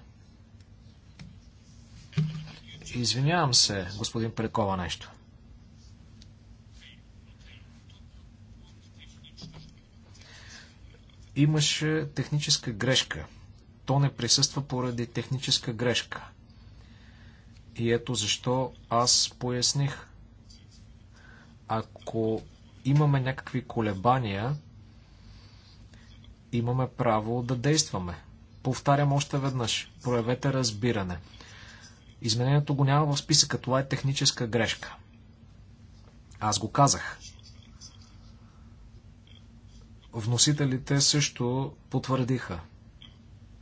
Извинявам се, господин Прекова, нещо. Имаше техническа грешка. То не присъства поради техническа грешка. И ето защо аз поясних. Ако имаме някакви колебания, имаме право да действаме повтарям още веднъж. Проявете разбиране. Изменението го няма в списъка. Това е техническа грешка. Аз го казах. Вносителите също потвърдиха.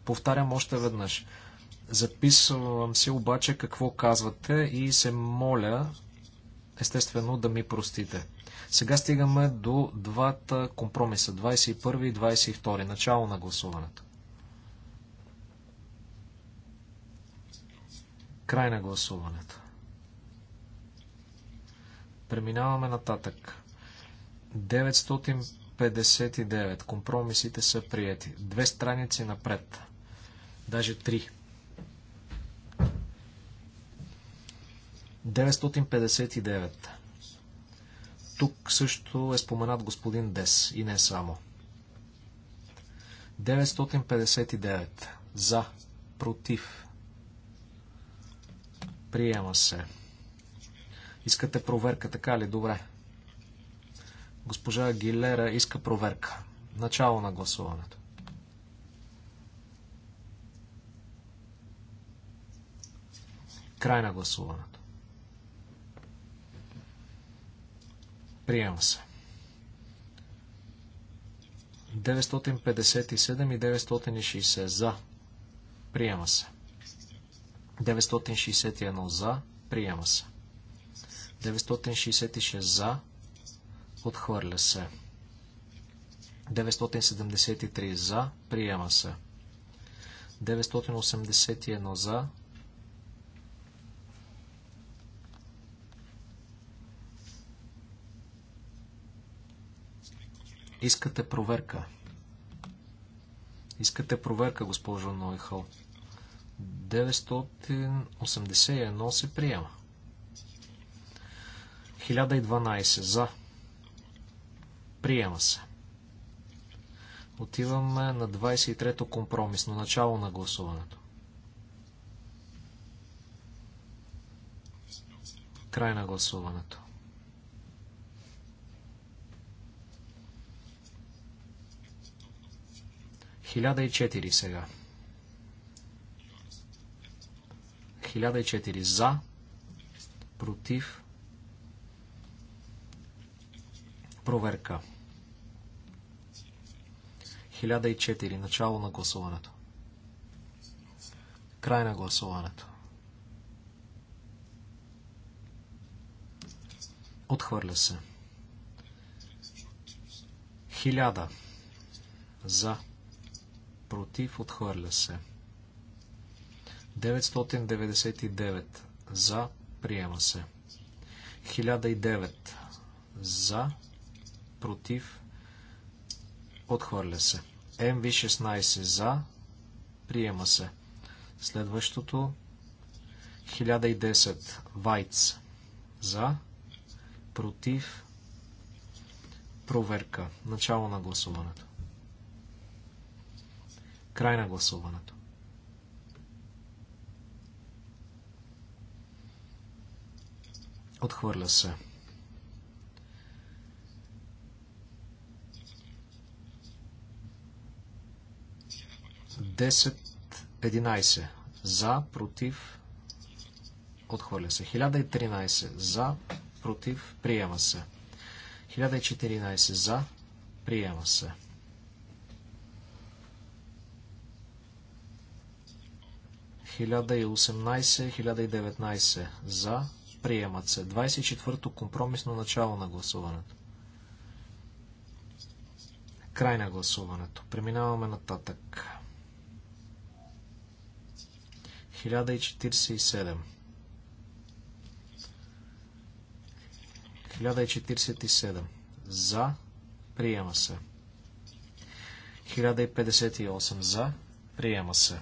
Повтарям още веднъж. Записвам си обаче какво казвате и се моля, естествено, да ми простите. Сега стигаме до двата компромиса, 21 и 22, начало на гласуването. Край на гласуването. Преминаваме нататък. 959. Компромисите са приети. Две страници напред. Даже три. 959. Тук също е споменат господин Дес и не само. 959. За. Против. Приема се. Искате проверка, така ли? Добре. Госпожа Гилера иска проверка. Начало на гласуването. Край на гласуването. Приема се. 957 и 960 за. Приема се. 961 за, приема се. 966 за, отхвърля се. 973 за, приема се. 981 за, Искате проверка. Искате проверка, госпожо Нойхал. 981 се приема. 1012 за. Приема се. Отиваме на 23-то компромисно начало на гласуването. Край на гласуването. Хиляда и четири сега. 1004 за, против, проверка. 1004 начало на гласуването. Край на гласуването. Отхвърля се. 1000 за, против, отхвърля се. 1004 999 за, приема се. 1009 за, против, отхвърля се. МВ-16 за, приема се. Следващото 1010 Вайц за, против, проверка. Начало на гласуването. Край на гласуването. Отхвърля се. Десет, единайсе. За, против, отхвърля се. и тринайсе. за, против, приема се. и четиринайсе. за, приема се. Хиляда и и 1019 за, приемат се. 24-то компромисно начало на гласуването. Край на гласуването. Преминаваме нататък. 1047. 1047. За. Приема се. 1058. За. Приема се.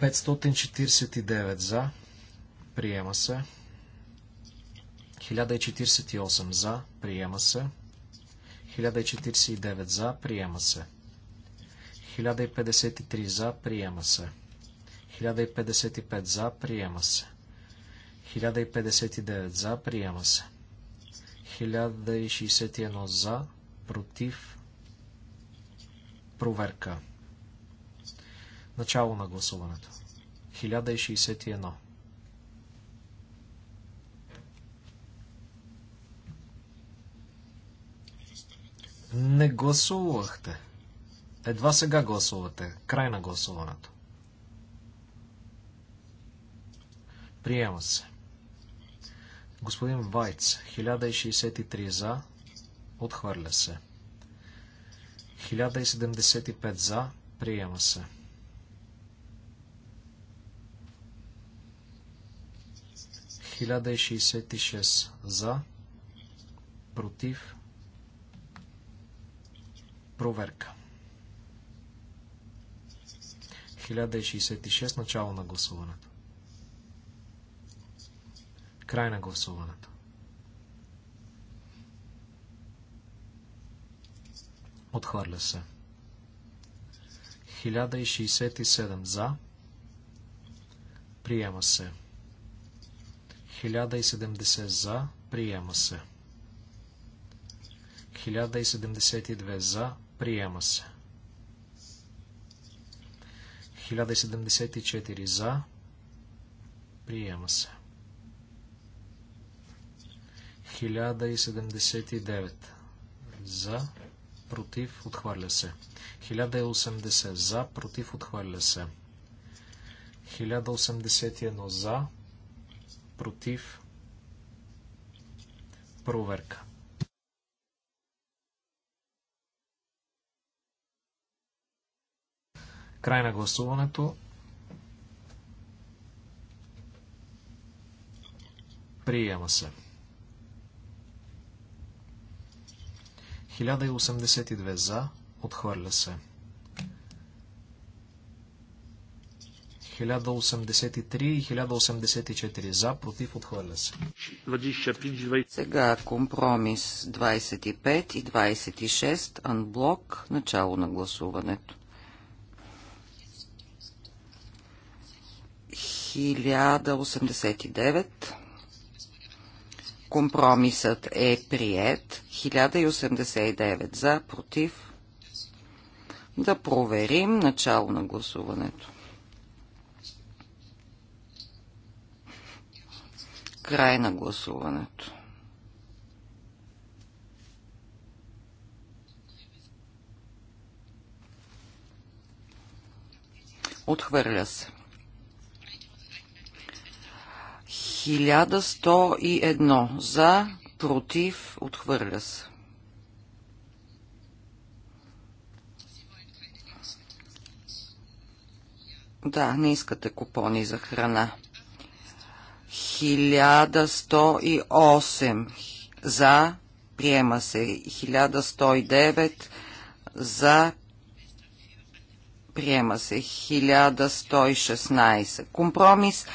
549 за. Приема се. 1048 за. Приема се. 1049 за. Приема се. 1053 за. Приема се. 1055 за. Приема се. 1059 за. Приема се. 1061 за. Против. Проверка. Начало на гласуването. 1061. Не гласувахте. Едва сега гласувате. Край на гласуването. Приема се. Господин Вайц, 1063 за, отхвърля се. 1075 за, приема се. 1066 за, против, проверка. 1066 начало на гласуването. Край на гласуването. Отхвърля се. 1067 за. Приема се. 1070 за, приема се. 1072 за, приема се. 1074 за, приема се. 1079 за, против, отхвърля се. 1080 за, против, отхвърля се. 1081 за, против, проверка. Край на гласуването. Приема се. 1082 за. Отхвърля се. 1083 и 1084 за, против, отхвърля се. Сега компромис 25 и 26, анблок, начало на гласуването. 1089. Компромисът е прият. 1089 за, против. Да проверим начало на гласуването. Край на гласуването. Отхвърля се. 1101 за, против, отхвърля се. Да, не искате купони за храна. 1108 за, приема се 1109 за, приема се 1116. Компромис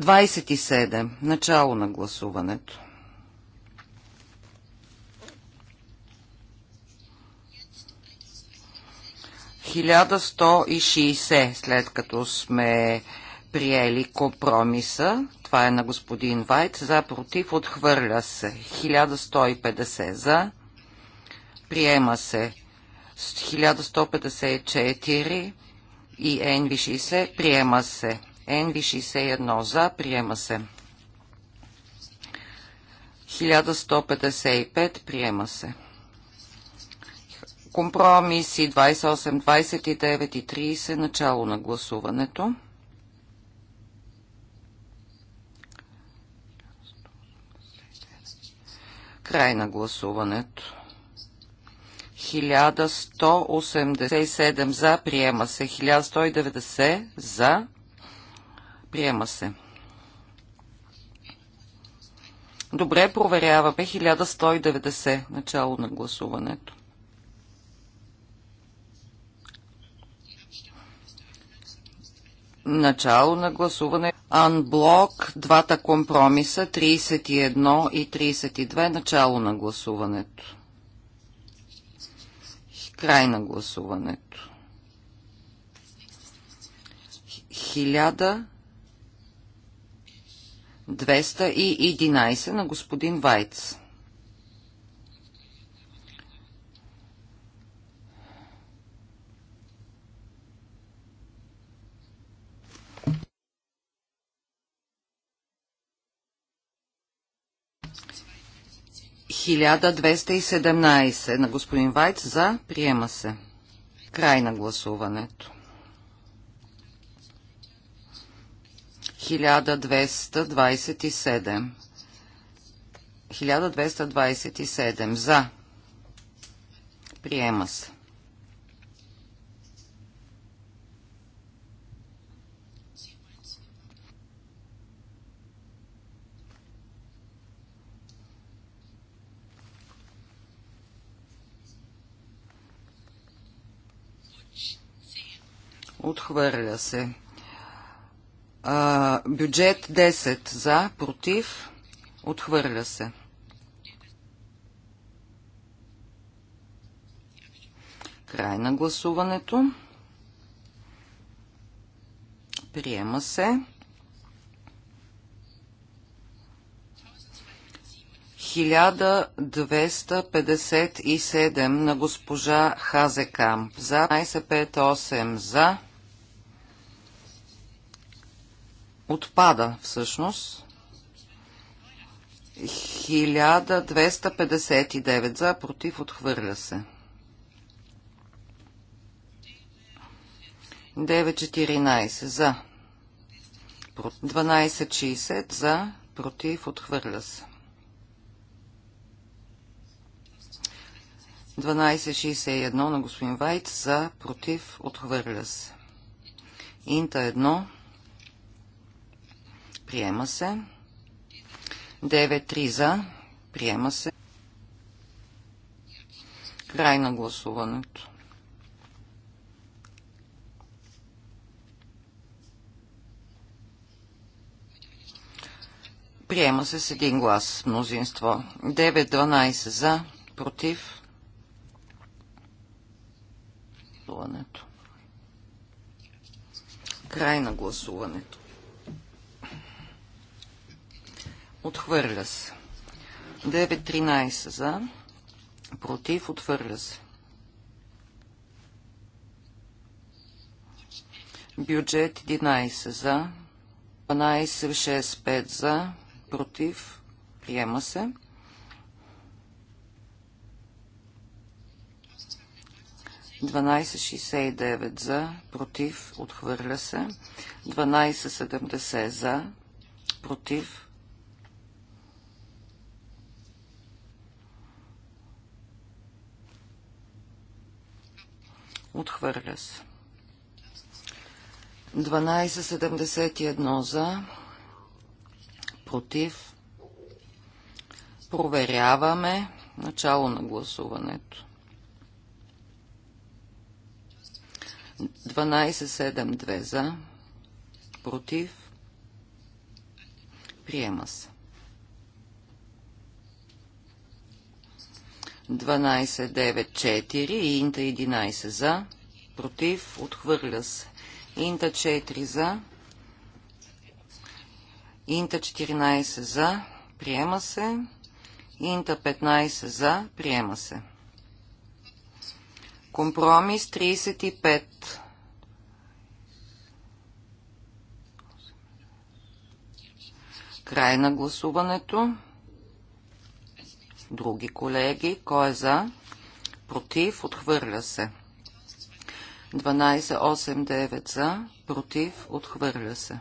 27. Начало на гласуването. Хиляда сто и шестдесет, след като сме приели компромиса. Това е на господин Вайт. За, против, отхвърля се. 1150 за. Приема се. 1154 и NV60. Приема се. NV61 за. Приема се. 1155. Приема се. Компромиси 28, 29 и 30. Начало на гласуването. Край на гласуването. 1187 за, приема се. 1190 за, приема се. Добре, проверяваме. 1190 начало на гласуването. Начало на гласуване. Анблок, двата компромиса, 31 и 32, начало на гласуването. Край на гласуването. 1211 на господин Вайц. 1217 на господин Вайц за приема се. Край на гласуването. 1227. 1227 за. Приема се. Отхвърля се. А, бюджет 10 за, против. Отхвърля се. Край на гласуването. Приема се. 1257 на госпожа Хазекам. За 1558 за. отпада всъщност. 1259 за, против, отхвърля се. 9.14 за. 12.60 за, против, отхвърля се. 12.61 на господин Вайт за, против, отхвърля се. Инта 1 Приема се. 9-3 за. Приема се. Край на гласуването. Приема се с един глас мнозинство. 9-12 за, против. Гласуването. Край на гласуването. Отхвърля се. 9.13 за. Против. Отхвърля се. Бюджет 11 за. 12.65 за. Против. Приема се. Дванайсет за, против, отхвърля се. 1270 за, против, Отхвърля се. 1271 за. Против. Проверяваме начало на гласуването. 1272 за. Против. Приема се. 4 и Инта 11 за, против, отхвърля се. Инта 4 за, Инта 14 за, приема се. Инта 15 за, приема се. Компромис 35. Край на гласуването други колеги. Кой е за? Против. Отхвърля се. 12.8.9 за. Против. Отхвърля се.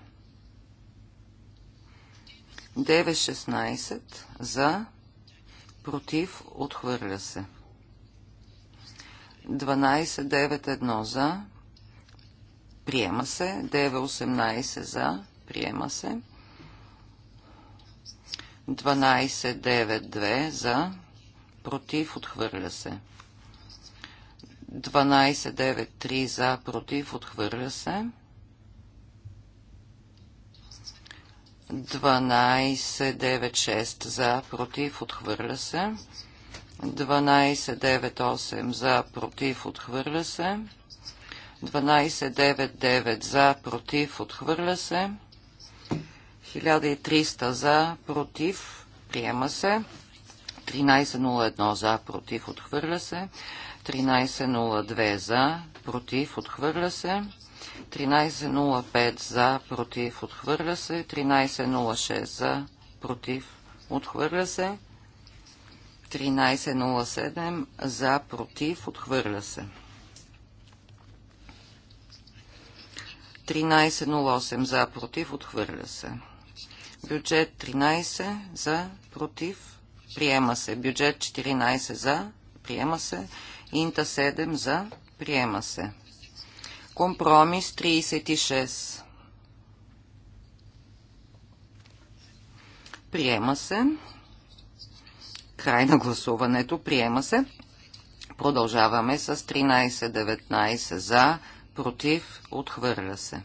9.16 за. Против. Отхвърля се. 12.9.1 за. Приема се. 9.18 за. Приема се. 1292 за, против, отхвърля се. 1293 за, против, отхвърля се. 1296 за, против, отхвърля се. 1298 за, против, отхвърля се. 1299 за, против, отхвърля се. 1300 за, против, приема се. 1301 за, против, отхвърля се. 1302 за, против, отхвърля се. 1305 за, против, отхвърля се. 1306 за, против, отхвърля се. 1307 за, против, отхвърля се. 1308 за, против, отхвърля се. Бюджет 13 за, против, приема се. Бюджет 14 за, приема се. Инта 7 за, приема се. Компромис 36. Приема се. Край на гласуването. Приема се. Продължаваме с 13-19 за, против, отхвърля се.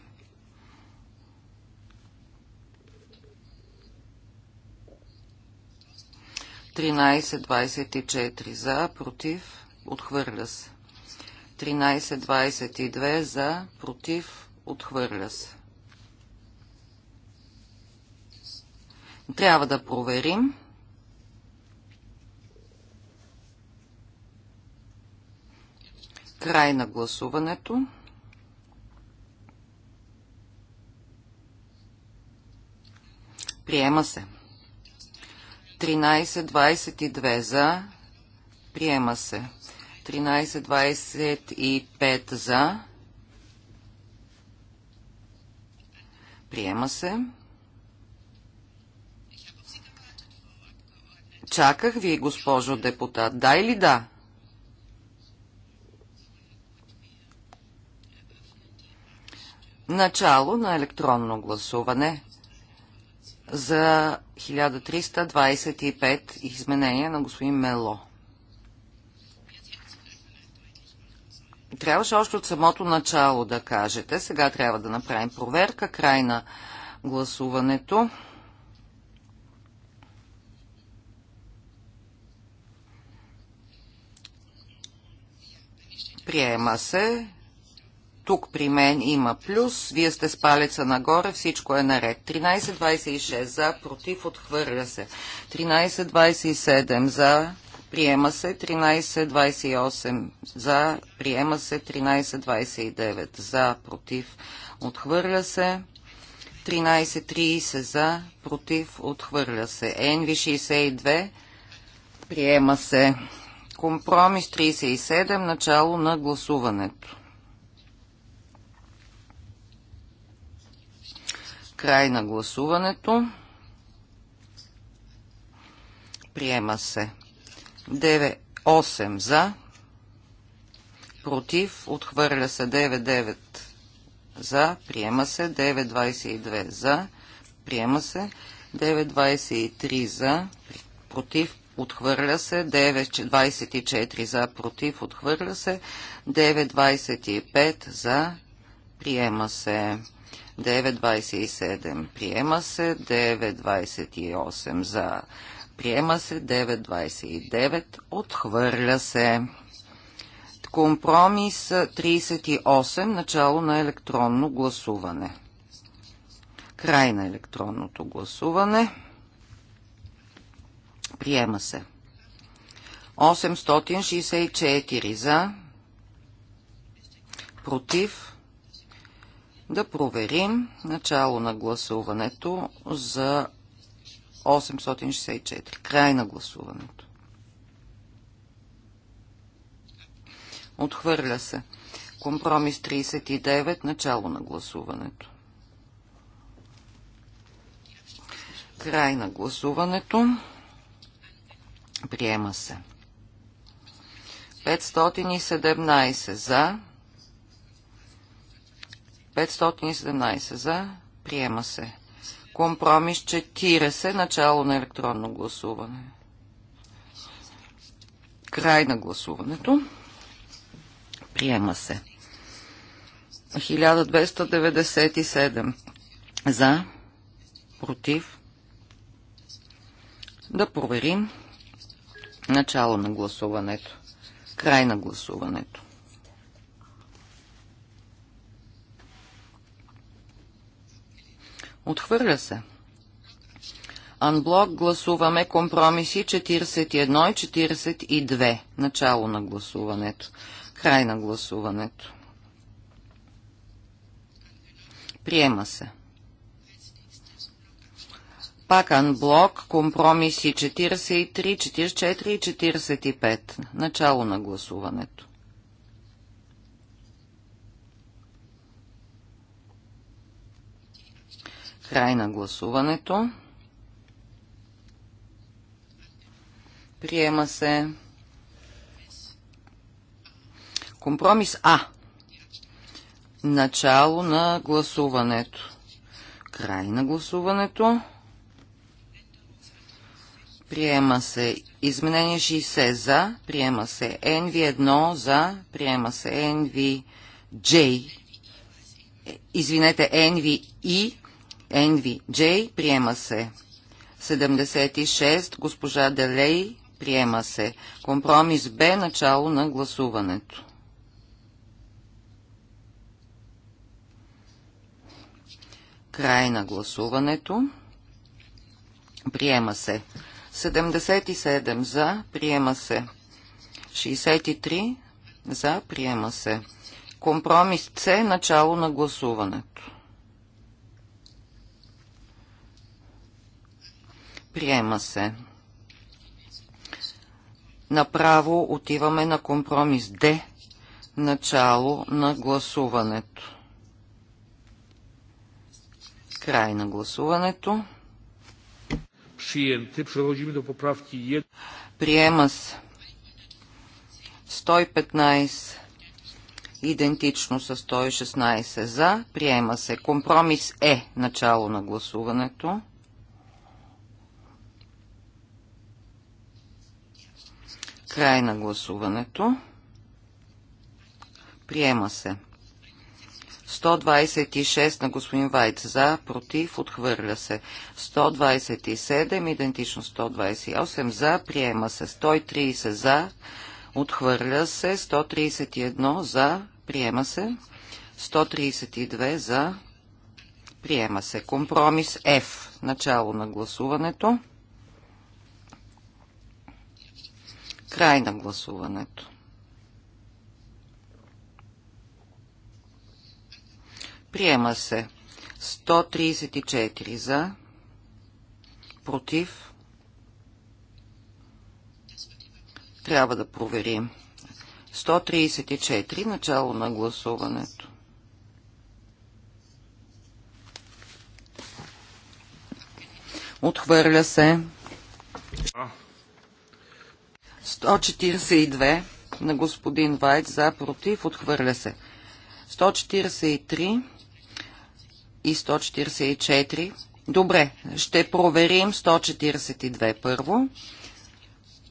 13.24 за, против, отхвърля се. 13.22 за, против, отхвърля се. Трябва да проверим. Край на гласуването. Приема се. 13.22 за. Приема се. 13.25 за. Приема се. Чаках ви, госпожо депутат. Да или да? Начало на електронно гласуване за 1325 изменения на господин Мело. Трябваше още от самото начало да кажете. Сега трябва да направим проверка. Край на гласуването. Приема се тук при мен има плюс, вие сте с палеца нагоре, всичко е наред. 13.26 за, против, отхвърля се. 13.27 за, приема се. 13.28 за, приема се. 13.29 за, против, отхвърля се. 13.30 за, против, отхвърля се. nv 62 приема се. Компромис 37 начало на гласуването. Край на гласуването. Приема се. 9, 8 за. Против. Отхвърля се 9-9 за. Приема се. 9-22 за. Приема се. 9-23 за. Против. Отхвърля се. 9-24 за. Против. Отхвърля се. 9-25 за. Приема се. 9.27 приема се, 9.28 за приема се, 9.29 отхвърля се. Компромис 38 начало на електронно гласуване. Край на електронното гласуване. Приема се. 864 за. Против да проверим начало на гласуването за 864. Край на гласуването. Отхвърля се. Компромис 39. Начало на гласуването. Край на гласуването. Приема се. 517 за, 517 за. Приема се. Компромис 40. Начало на електронно гласуване. Край на гласуването. Приема се. 1297 за. Против. Да проверим. Начало на гласуването. Край на гласуването. Отхвърля се. Анблок гласуваме компромиси 41 и 42. Начало на гласуването. Край на гласуването. Приема се. Пак анблок, компромиси 43, 44 и 45. Начало на гласуването. Край на гласуването. Приема се компромис А. Начало на гласуването. Край на гласуването. Приема се изменение 60 за, приема се NV1 за, приема се NVJ, извинете, NVI Енви Джей приема се. 76 госпожа Делей приема се. Компромис Б начало на гласуването. Край на гласуването. Приема се. 77 за, приема се. 63 за, приема се. Компромис С начало на гласуването. Приема се. Направо отиваме на компромис Д. Начало на гласуването. Край на гласуването. Przyjęty. 1. Приема се. 115. Идентично с 116 за. Приема се. Компромис Е. Начало на гласуването. Край на гласуването. Приема се. 126 на господин Вайц за, против, отхвърля се. 127, идентично 128 за, приема се. 130 за, отхвърля се. 131 за, приема се. 132 за, приема се. Компромис F. Начало на гласуването. Край на гласуването. Приема се 134 за, против. Трябва да проверим. 134 начало на гласуването. Отхвърля се. А? 142 на господин Вайт за против отхвърля се. 143 и 144. Добре, ще проверим 142 първо.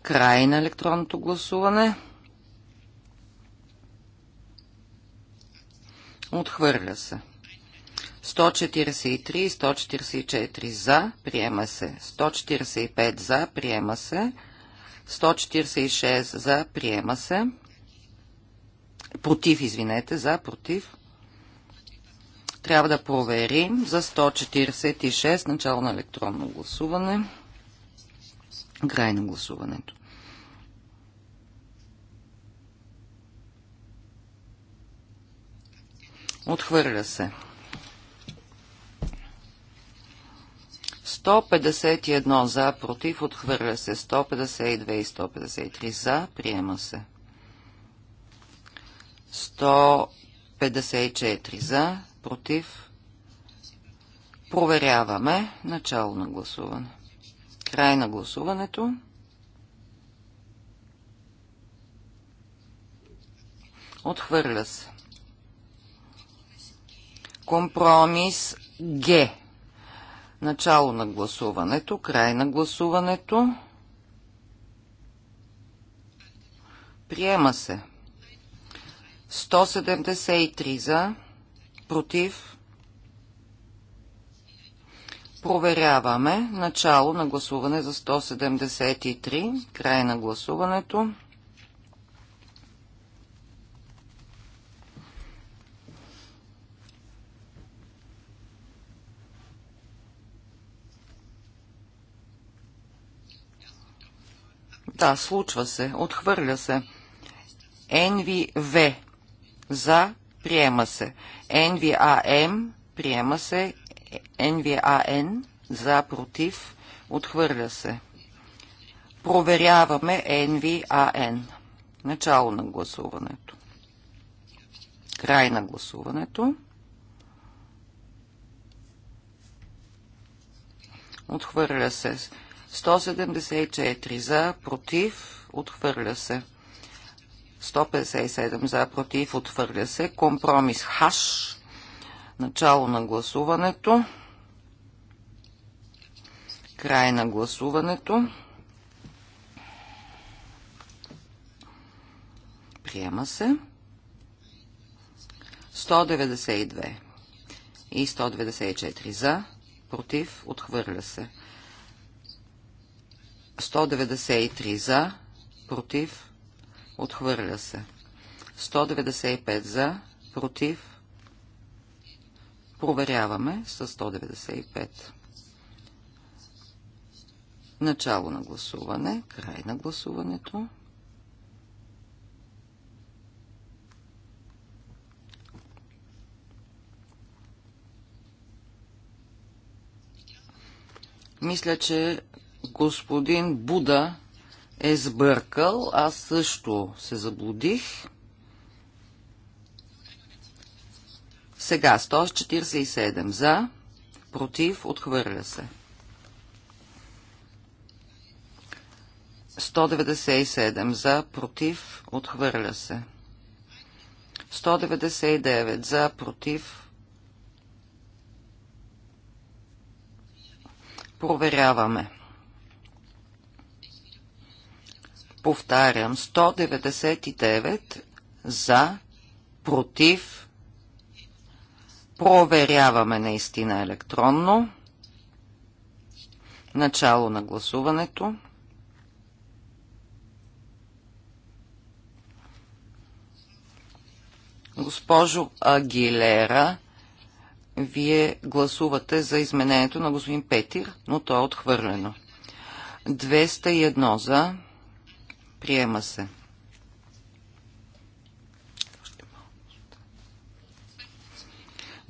Край на електронното гласуване. Отхвърля се. 143 и 144 за, приема се. 145 за, приема се. 146 за, приема се. Против, извинете, за, против. Трябва да проверим за 146 начало на електронно гласуване. Край на гласуването. Отхвърля се. 151 за, против, отхвърля се. 152 и 153 за, приема се. 154 за, против. Проверяваме начало на гласуване. Край на гласуването. Отхвърля се. Компромис Г Начало на гласуването, край на гласуването. Приема се. 173 за, против. Проверяваме начало на гласуване за 173, край на гласуването. Да, случва се. Отхвърля се. НВВ. За. Приема се. NVAM, Приема се. НВАН. За. Против. Отхвърля се. Проверяваме НВАН. Начало на гласуването. Край на гласуването. Отхвърля се. 174 за, против, отхвърля се. 157 за, против, отхвърля се. Компромис ХАШ. Начало на гласуването. Край на гласуването. Приема се. 192 и 194 за, против, отхвърля се. 193 за, против, отхвърля се. 195 за, против, проверяваме с 195. Начало на гласуване, край на гласуването. Мисля, че господин Буда е сбъркал, аз също се заблудих. Сега 147 за, против, отхвърля се. 197 за, против, отхвърля се. 199 за, против. Проверяваме. Повтарям, 199 за, против. Проверяваме наистина електронно. Начало на гласуването. Госпожо Агилера, вие гласувате за изменението на господин Петир, но то е отхвърлено. 201 за, Приема се.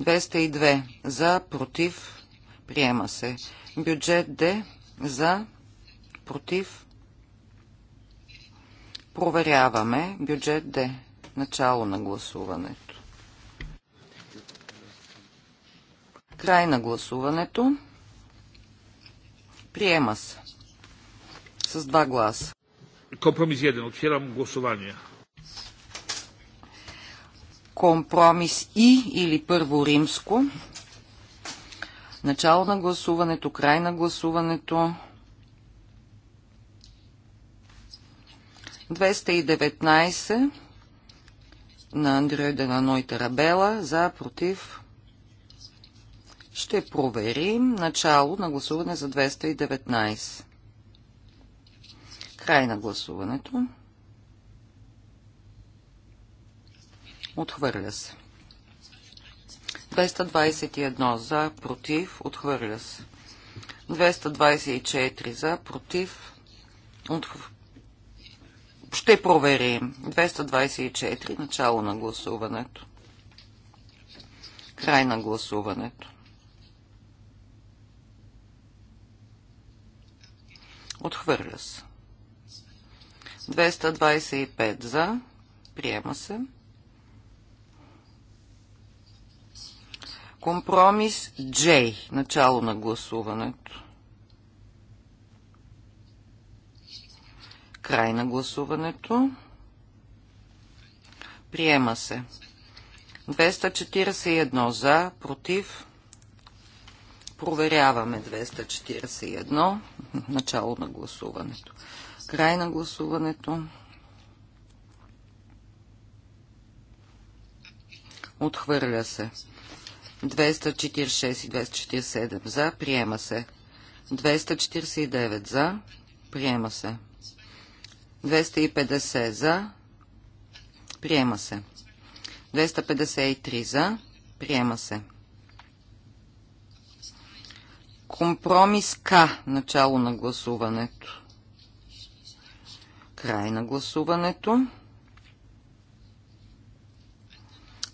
202 за, против, приема се. Бюджет Д за, против, проверяваме. Бюджет Д. Начало на гласуването. Край на гласуването. Приема се. С два гласа. Kompromis jeden. Otwieram głosowanie. Компромис И или първо римско. Начало на гласуването, край на гласуването. 219 на Андрея Денано и Тарабела за, против. Ще проверим начало на гласуване за 219. Край на гласуването. Отхвърля се. 221 за, против, отхвърля се. 224 за, против, отхвърля ще проверим. 224. Начало на гласуването. Край на гласуването. Отхвърля се. 225 за. Приема се. Компромис J. Начало на гласуването. Край на гласуването. Приема се. 241 за, против. Проверяваме 241. Начало на гласуването. Край на гласуването. Отхвърля се. 246 и 247 за. Приема се. 249 за. Приема се. 250 за. Приема се. 253 за. Приема се. Компромис К. Начало на гласуването. Край на гласуването.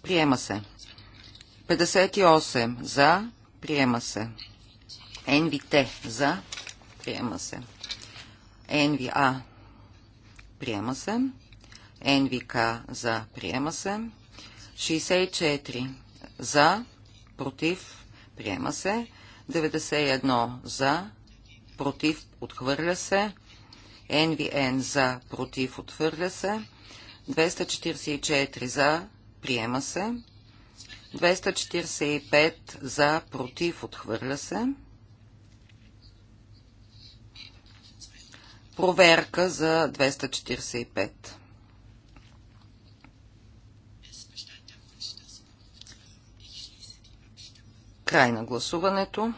Приема се. 58 за. Приема се. НВТ за. Приема се. НВА. Приема се. НВК за. Приема се. 64 за. Против. Приема се. 91 за. Против. Отхвърля се. NVN за, против, отхвърля се. 244 за, приема се. 245 за, против, отхвърля се. Проверка за 245. Край на гласуването.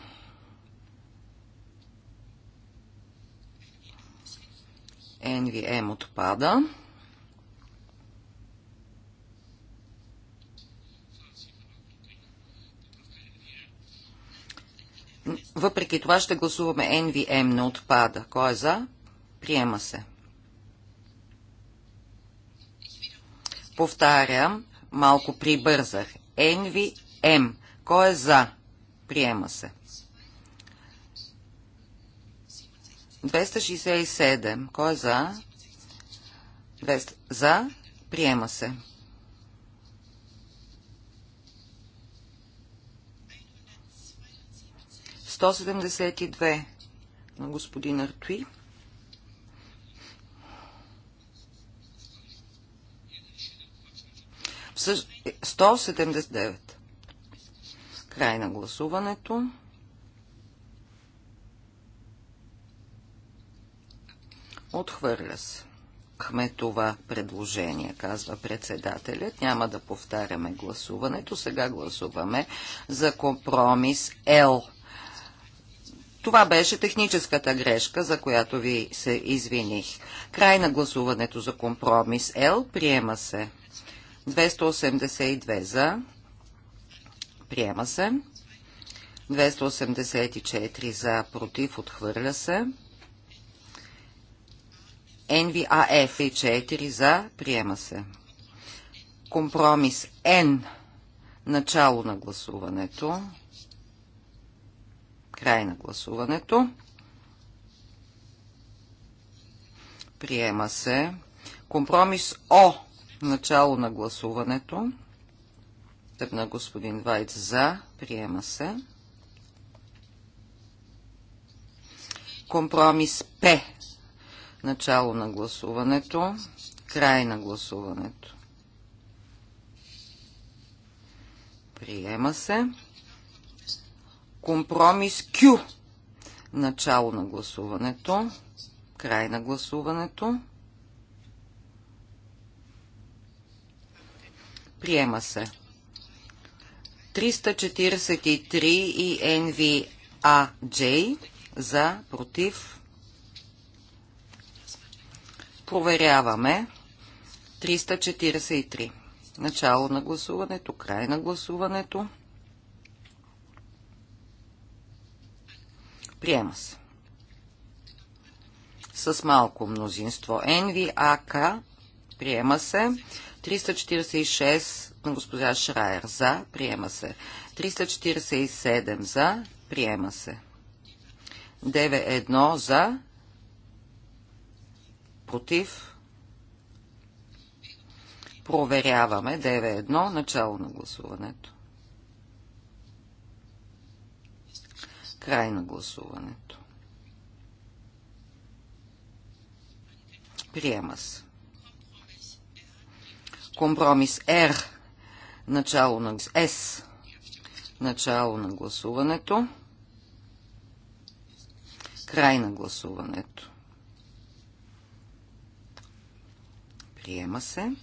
NVM отпада. Въпреки това ще гласуваме NVM на отпада. Кой е за? Приема се. Повтарям, малко прибързах. NVM. Кой е за? Приема се. 267. Кой е за? 200. За. Приема се. 172 на господин Артуи. седемдесет 179. Край на гласуването. Отхвърля се. Хме това предложение, казва председателят. Няма да повтаряме гласуването. Сега гласуваме за компромис Л. Това беше техническата грешка, за която ви се извиних. Край на гласуването за компромис Л. Приема се. 282 за. Приема се. 284 за. Против. Отхвърля се. NVAF и 4 за, приема се. Компромис N, начало на гласуването, край на гласуването, приема се. Компромис О, начало на гласуването, Тъпна господин Вайц за, приема се. Компромис П, Начало на гласуването. Край на гласуването. Приема се. Компромис Q. Начало на гласуването. Край на гласуването. Приема се. 343 и NVAJ за против Проверяваме. 343. Начало на гласуването, край на гласуването. Приема се. С малко мнозинство. НВАК приема се. 346 на госпожа Шрайер за, приема се. 347 за, приема се. 91 за, против. Проверяваме ДВ 1 начало на гласуването. Край на гласуването. Приема се. Компромис R. Начало на S. Начало на гласуването. Край на гласуването. Приема се.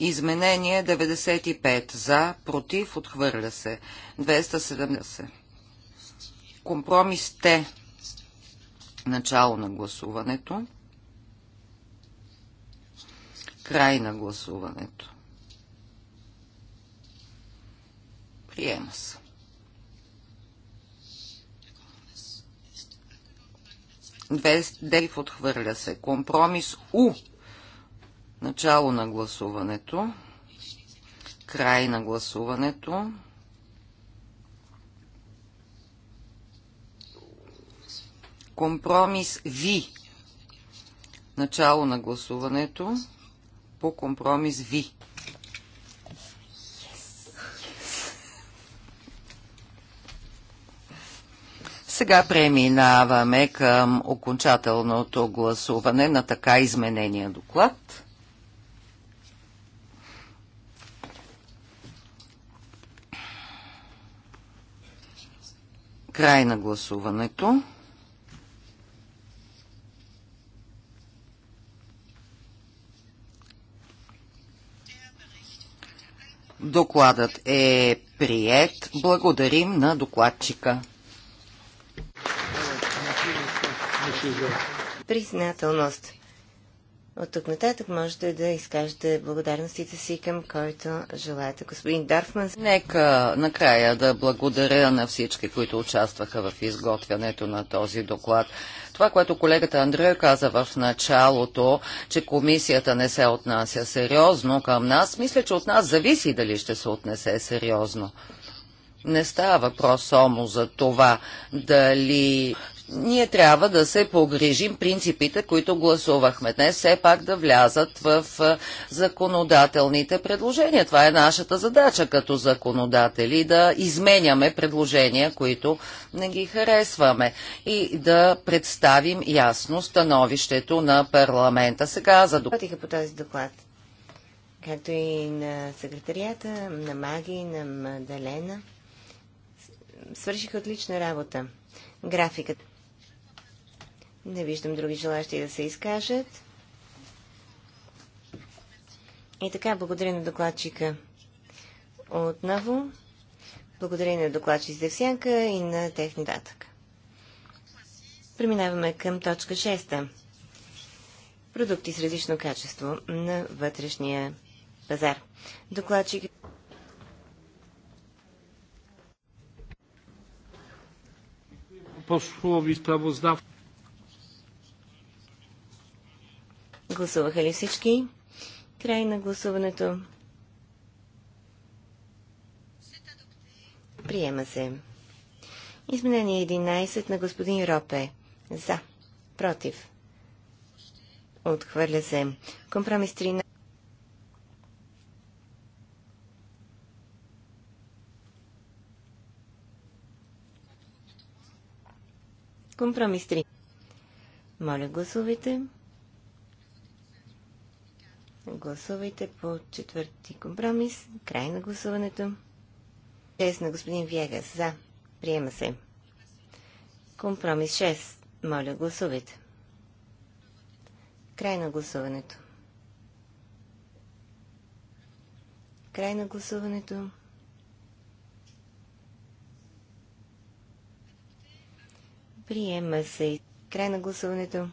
Изменение 95. За, против, отхвърля се. 270. Компромис Т. Начало на гласуването. Край на гласуването. Приема се. Дейв отхвърля се. Компромис У. Начало на гласуването. Край на гласуването. Компромис Ви. Начало на гласуването по компромис Ви. Сега преминаваме към окончателното гласуване на така изменения доклад. Край на гласуването. Докладът е прият. Благодарим на докладчика. Признателност. От тук нататък можете да изкажете благодарностите си към който желаете. Господин Дарфман. Нека накрая да благодаря на всички, които участваха в изготвянето на този доклад. Това, което колегата Андрея каза в началото, че комисията не се отнася сериозно към нас, мисля, че от нас зависи дали ще се отнесе сериозно. Не става въпрос само за това дали ние трябва да се погрижим принципите, които гласувахме днес, все пак да влязат в законодателните предложения. Това е нашата задача като законодатели, да изменяме предложения, които не ги харесваме и да представим ясно становището на парламента. Сега за доклад. по този доклад както и на секретарията, на Маги, на Мадалена. Свършиха отлична работа. Графикът. Не виждам други желащи да се изкажат. И така, благодаря на докладчика отново. Благодаря на докладчик Зевсянка и на техния датък. Преминаваме към точка 6. Продукти с различно качество на вътрешния пазар. Докладчик posłowi sprawozdawcy. Гласуваха ли всички? Край на гласуването. Приема се. Изменение 11 на господин Ропе. За. Против. Отхвърля се. Компромис 13. Компромис 3. Моля, гласувайте. Гласувайте по четвърти компромис. Край на гласуването. Тест на господин Вегас. За. Приема се. Компромис 6. Моля, гласувайте. Край на гласуването. Край на гласуването. Приема се. Край на гласуването.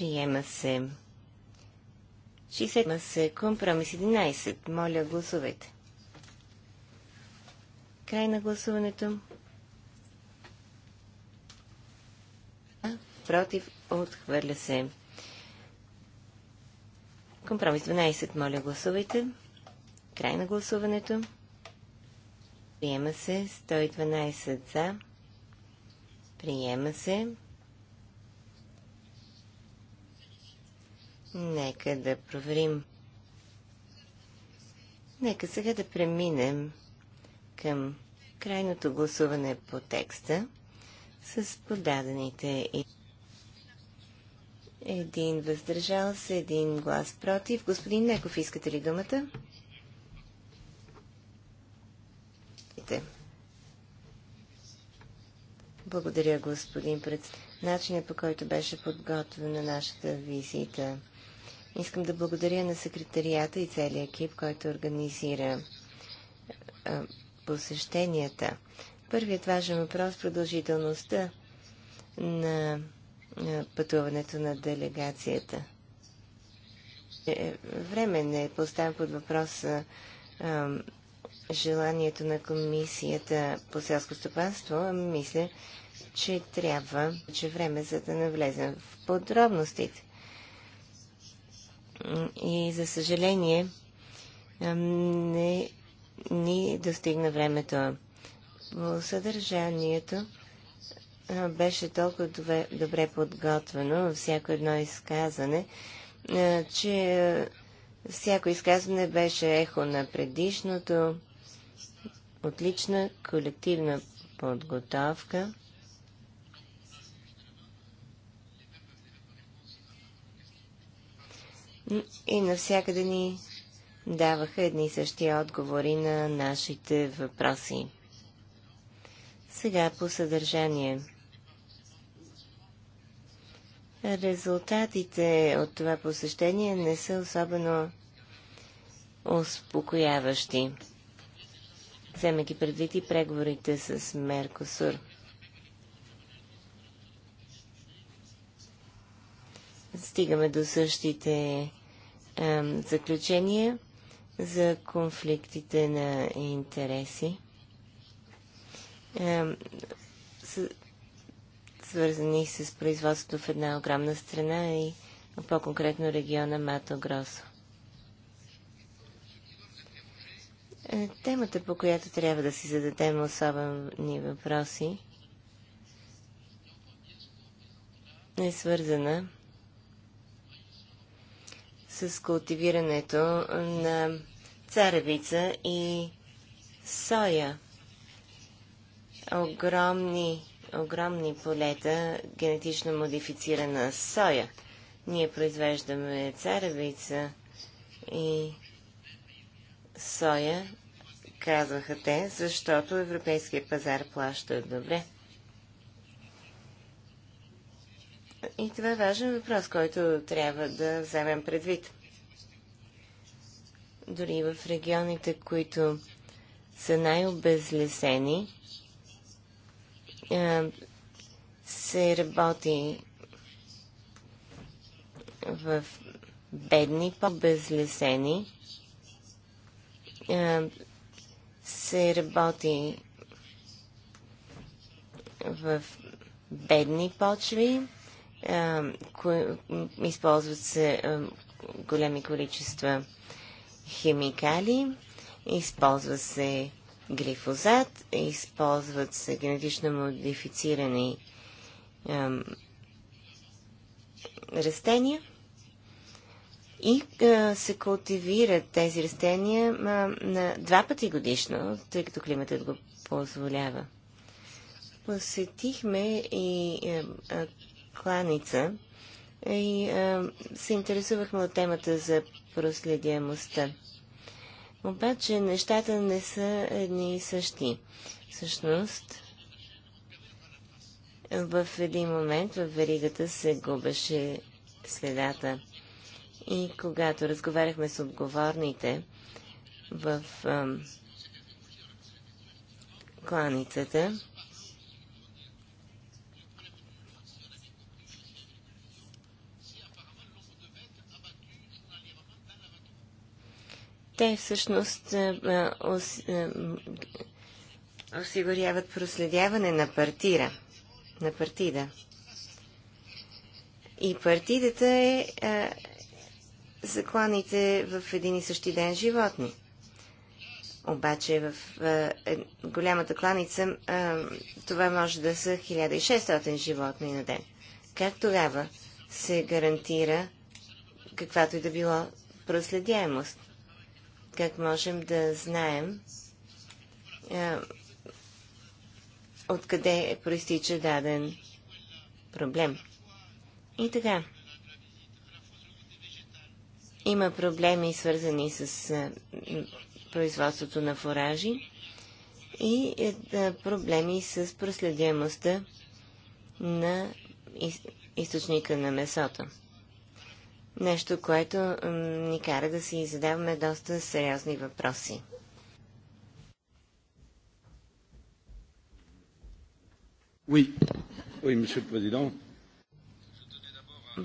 Приема се. 60 се компромис 11. Моля, гласувайте. Край на гласуването. Против, отхвърля се. Компромис 12. Моля, гласувайте. Край на гласуването. Приема се 112 за. Приема се Нека да проверим. Нека сега да преминем към крайното гласуване по текста с подадените и един въздържал се, един глас против. Господин Неков, искате ли думата? Благодаря, господин председател. Начинът по който беше подготвена нашата визита Искам да благодаря на секретарията и целият екип, който организира посещенията. Първият важен въпрос – продължителността на, пътуването на делегацията. Време не е, е поставен под въпрос а, желанието на комисията по селско стопанство. Мисля, че трябва че време, за да навлезем в подробностите. И за съжаление не ни достигна времето. Съдържанието беше толкова добре, подготвено подготвено, всяко едно изказване, че всяко изказване беше ехо на предишното, отлична колективна подготовка. и навсякъде ни даваха едни и същи отговори на нашите въпроси. Сега по съдържание. Резултатите от това посещение не са особено успокояващи, вземайки предвид и преговорите с Меркосур. Стигаме до същите заключения за конфликтите на интереси, свързани с производството в една огромна страна и по-конкретно региона Мато Гросо. Е, темата, по която трябва да си зададем особени въпроси, е свързана с култивирането на царевица и соя. Огромни, огромни полета генетично модифицирана соя. Ние произвеждаме царевица и соя, казваха те, защото европейския пазар плаща добре. И това е важен въпрос, който трябва да вземем предвид. Дори в регионите, които са най-обезлесени, се работи в бедни, по-безлесени, се работи в бедни почви, е, използват се е, големи количества химикали, използва се глифозат, използват се генетично модифицирани е, растения и се култивират тези растения на два пъти годишно, тъй като климатът го позволява. Посетихме и кланица и а, е, се интересувахме от темата за проследяемостта. Обаче нещата не са едни и същи. Всъщност, в един момент в веригата се губеше следата. И когато разговаряхме с отговорните в а, кланицата, Те всъщност е, е, е, осигуряват проследяване на партира, на партида. И партидата е а, закланите в един и същи ден животни. Обаче в а, е, голямата кланица а, това може да са 1600 животни на ден. Как тогава се гарантира каквато и да било проследяемост? Как можем да знаем е, откъде проистича даден проблем? И така. Има проблеми, свързани с е, производството на фуражи и е, проблеми с проследяемостта на източника на месото. Нещо, което ни кара да си задаваме доста сериозни въпроси. Oui. Oui,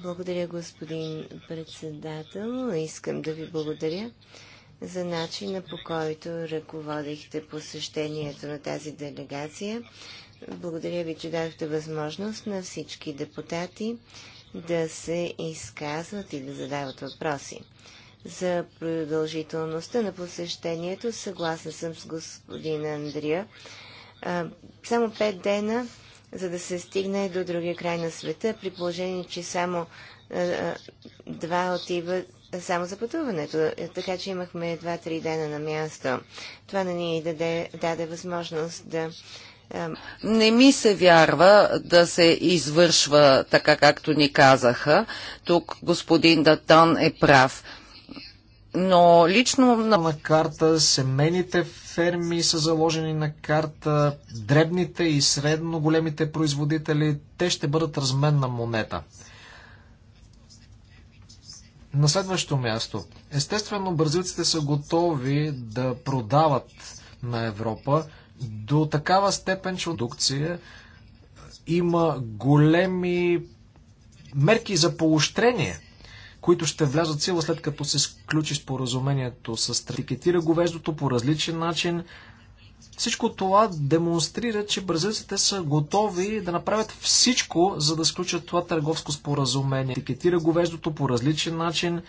Благодаря, господин председател. Искам да ви благодаря за начина по който ръководихте посещението на тази делегация. Благодаря ви, че дадохте възможност на всички депутати да се изказват и да задават въпроси. За продължителността на посещението съгласна съм с господин Андрия. само пет дена, за да се стигне до другия край на света, при положение, че само два отиват само за пътуването, е, така че имахме 2-3 дена на място. Това не ни даде, даде възможност да не ми се вярва да се извършва така, както ни казаха. Тук господин Датан е прав. Но лично... На карта семейните ферми са заложени на карта, дребните и средно големите производители, те ще бъдат разменна монета. На следващо място. Естествено, бразилците са готови да продават на Европа, до такава степен, че продукция има големи мерки за поощрение, които ще влязат сила след като се сключи споразумението с трикетира говеждото по различен начин. Всичко това демонстрира, че бразилците са готови да направят всичко, за да сключат това търговско споразумение. трикетира говеждото по различен начин.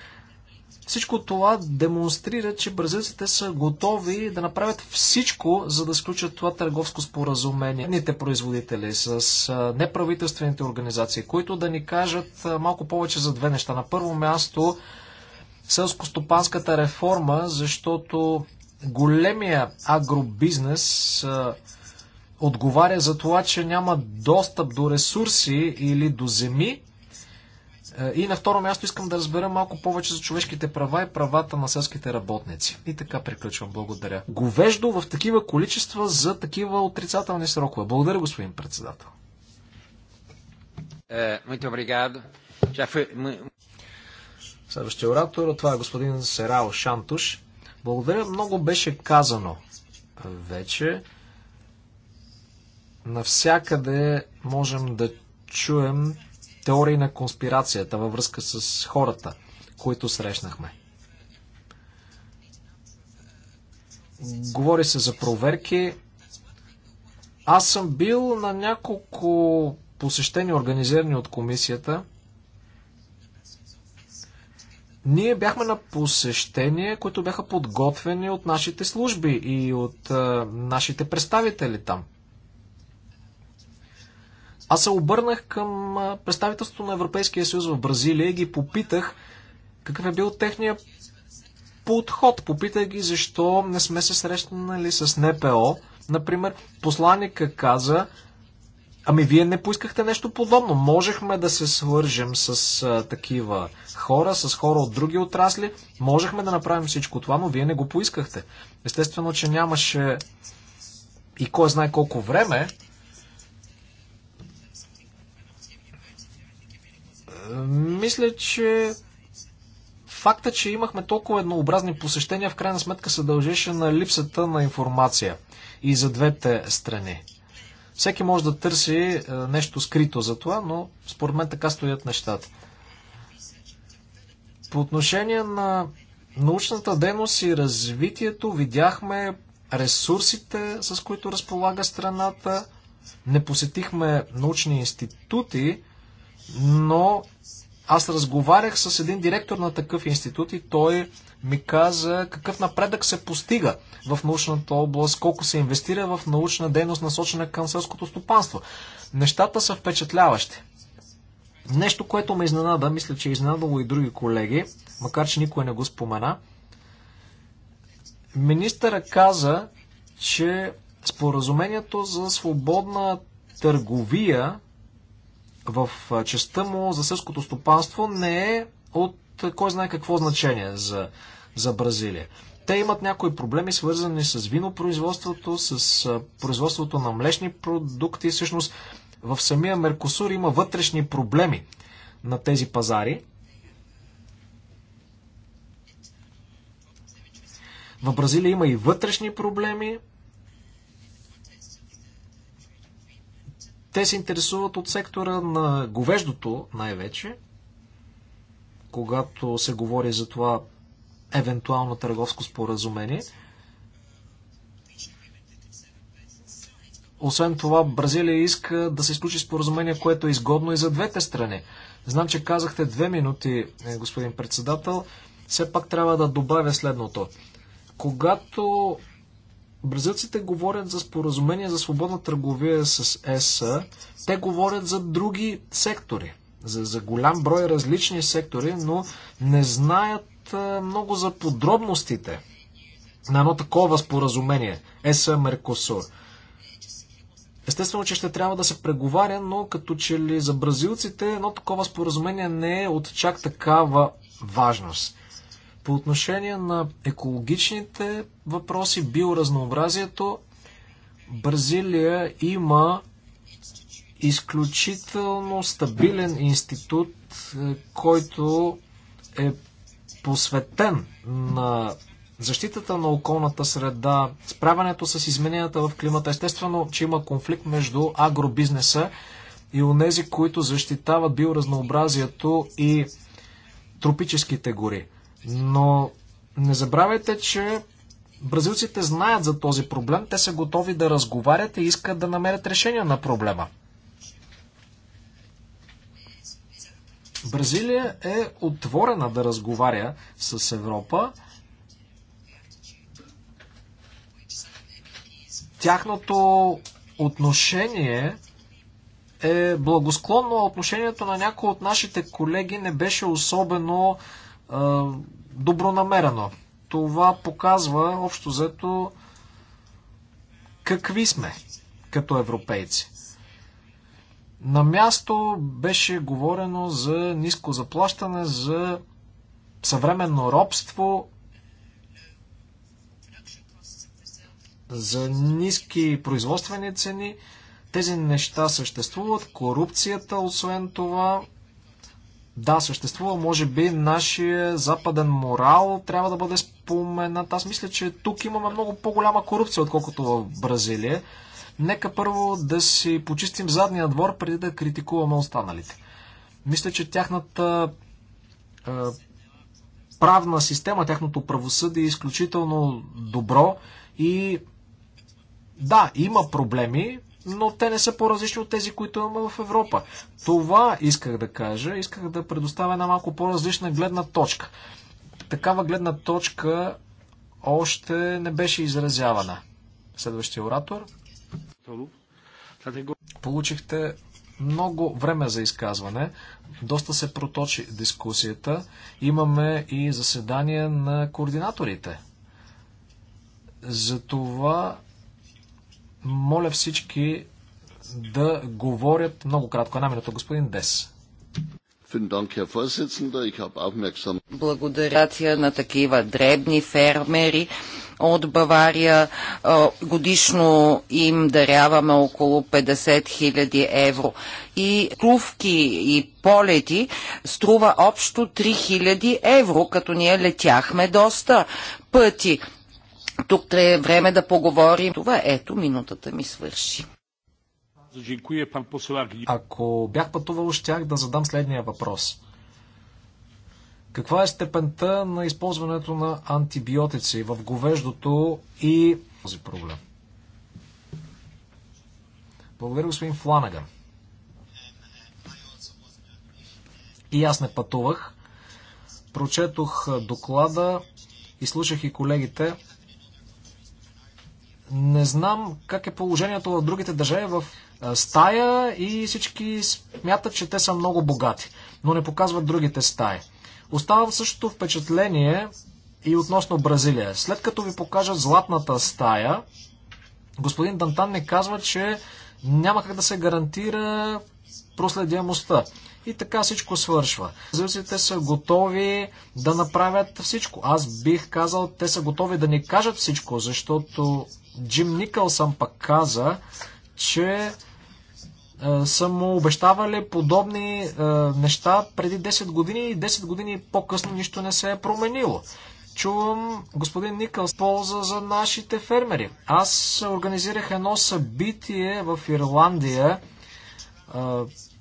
Всичко това демонстрира, че бразилците са готови да направят всичко, за да сключат това търговско споразумение. Едните производители с неправителствените организации, които да ни кажат малко повече за две неща. На първо място, селско-стопанската реформа, защото големия агробизнес отговаря за това, че няма достъп до ресурси или до земи, е, и на второ място искам да разбера малко повече за човешките права и правата на селските работници. И така приключвам. Благодаря. Говеждо в такива количества за такива отрицателни срокове. Благодаря, господин председател. Е, Следващия оратор, това е господин Серао Шантуш. Благодаря, много беше казано вече. Навсякъде можем да чуем, теории на конспирацията във връзка с хората, които срещнахме. Говори се за проверки. Аз съм бил на няколко посещения, организирани от комисията. Ние бяхме на посещения, които бяха подготвени от нашите служби и от а, нашите представители там. Аз се обърнах към представителството на Европейския съюз в Бразилия и ги попитах какъв е бил техния подход. Попитах ги защо не сме се срещнали с НПО. Например, посланника каза, ами вие не поискахте нещо подобно. Можехме да се свържем с а, такива хора, с хора от други отрасли. Можехме да направим всичко това, но вие не го поискахте. Естествено, че нямаше и кой знае колко време, Мисля, че факта, че имахме толкова еднообразни посещения, в крайна сметка се дължеше на липсата на информация и за двете страни. Всеки може да търси е, нещо скрито за това, но според мен така стоят нещата. По отношение на научната дейност и развитието видяхме ресурсите, с които разполага страната. Не посетихме научни институти, но аз разговарях с един директор на такъв институт и той ми каза какъв напредък се постига в научната област, колко се инвестира в научна дейност, насочена към селското стопанство. Нещата са впечатляващи. Нещо, което ме изненада, мисля, че е изненадало и други колеги, макар че никой не го спомена. Министъра каза, че споразумението за свободна търговия в частта му за сърското стопанство не е от кой знае какво значение за, за Бразилия. Те имат някои проблеми, свързани с винопроизводството, с производството на млечни продукти. Всъщност в самия Меркосур има вътрешни проблеми на тези пазари. В Бразилия има и вътрешни проблеми, Те се интересуват от сектора на говеждото най-вече, когато се говори за това евентуално търговско споразумение. Освен това, Бразилия иска да се изключи споразумение, което е изгодно и за двете страни. Знам, че казахте две минути, е, господин председател. Все пак трябва да добавя следното. Когато Бразилците говорят за споразумение за свободна търговия с ЕС. Те говорят за други сектори, за, за голям брой различни сектори, но не знаят много за подробностите на едно такова споразумение ЕС Меркосур. Естествено, че ще трябва да се преговаря, но като че ли за бразилците едно такова споразумение не е от чак такава важност. По отношение на екологичните въпроси, биоразнообразието, Бразилия има изключително стабилен институт, е, който е посветен на защитата на околната среда, справянето с измененията в климата. Естествено, че има конфликт между агробизнеса и онези, които защитават биоразнообразието и тропическите гори. Но не забравяйте, че бразилците знаят за този проблем, те са готови да разговарят и искат да намерят решение на проблема. Бразилия е отворена да разговаря с Европа. Тяхното отношение е благосклонно, а отношението на някои от нашите колеги не беше особено добронамерено. Това показва общо взето какви сме като европейци. На място беше говорено за ниско заплащане, за съвременно робство, за ниски производствени цени. Тези неща съществуват. Корупцията, освен това, да, съществува, може би, нашия западен морал трябва да бъде споменат. Аз мисля, че тук имаме много по-голяма корупция, отколкото в Бразилия. Нека първо да си почистим задния двор, преди да критикуваме останалите. Мисля, че тяхната е, правна система, тяхното правосъдие е изключително добро и да, има проблеми, но те не са по-различни от тези, които имаме в Европа. Това исках да кажа, исках да предоставя една малко по-различна гледна точка. Такава гледна точка още не беше изразявана. Следващия оратор. Получихте много време за изказване. Доста се проточи дискусията. Имаме и заседание на координаторите. Затова моля всички да говорят много кратко. Една минута, господин Дес. Благодаря на такива дребни фермери от Бавария. Годишно им даряваме около 50 000 евро. И клувки и полети струва общо 3 000 евро, като ние летяхме доста пъти. Тук е време да поговорим. Това ето, минутата ми свърши. Ако бях пътувал, щях да задам следния въпрос. Каква е степента на използването на антибиотици в говеждото и този проблем? Благодаря, господин Фланага. И аз не пътувах. Прочетох доклада и слушах и колегите. Не знам как е положението в другите държави в стая и всички смятат, че те са много богати, но не показват другите стаи. Остава същото впечатление и относно Бразилия. След като ви покажат златната стая, господин Дантан не казва, че няма как да се гарантира проследяемостта. И така всичко свършва. Бразилците са готови да направят всичко. Аз бих казал, те са готови да ни кажат всичко, защото Джим Никълсън пък каза, че е, са му обещавали подобни е, неща преди 10 години и 10 години по-късно нищо не се е променило. Чувам господин Никълс полза за нашите фермери. Аз организирах едно събитие в Ирландия, е,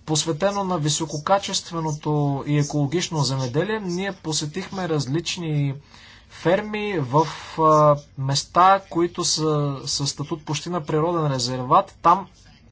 посветено на висококачественото и екологично земеделие. Ние посетихме различни ферми в места, които са с статут почти на природен резерват. Там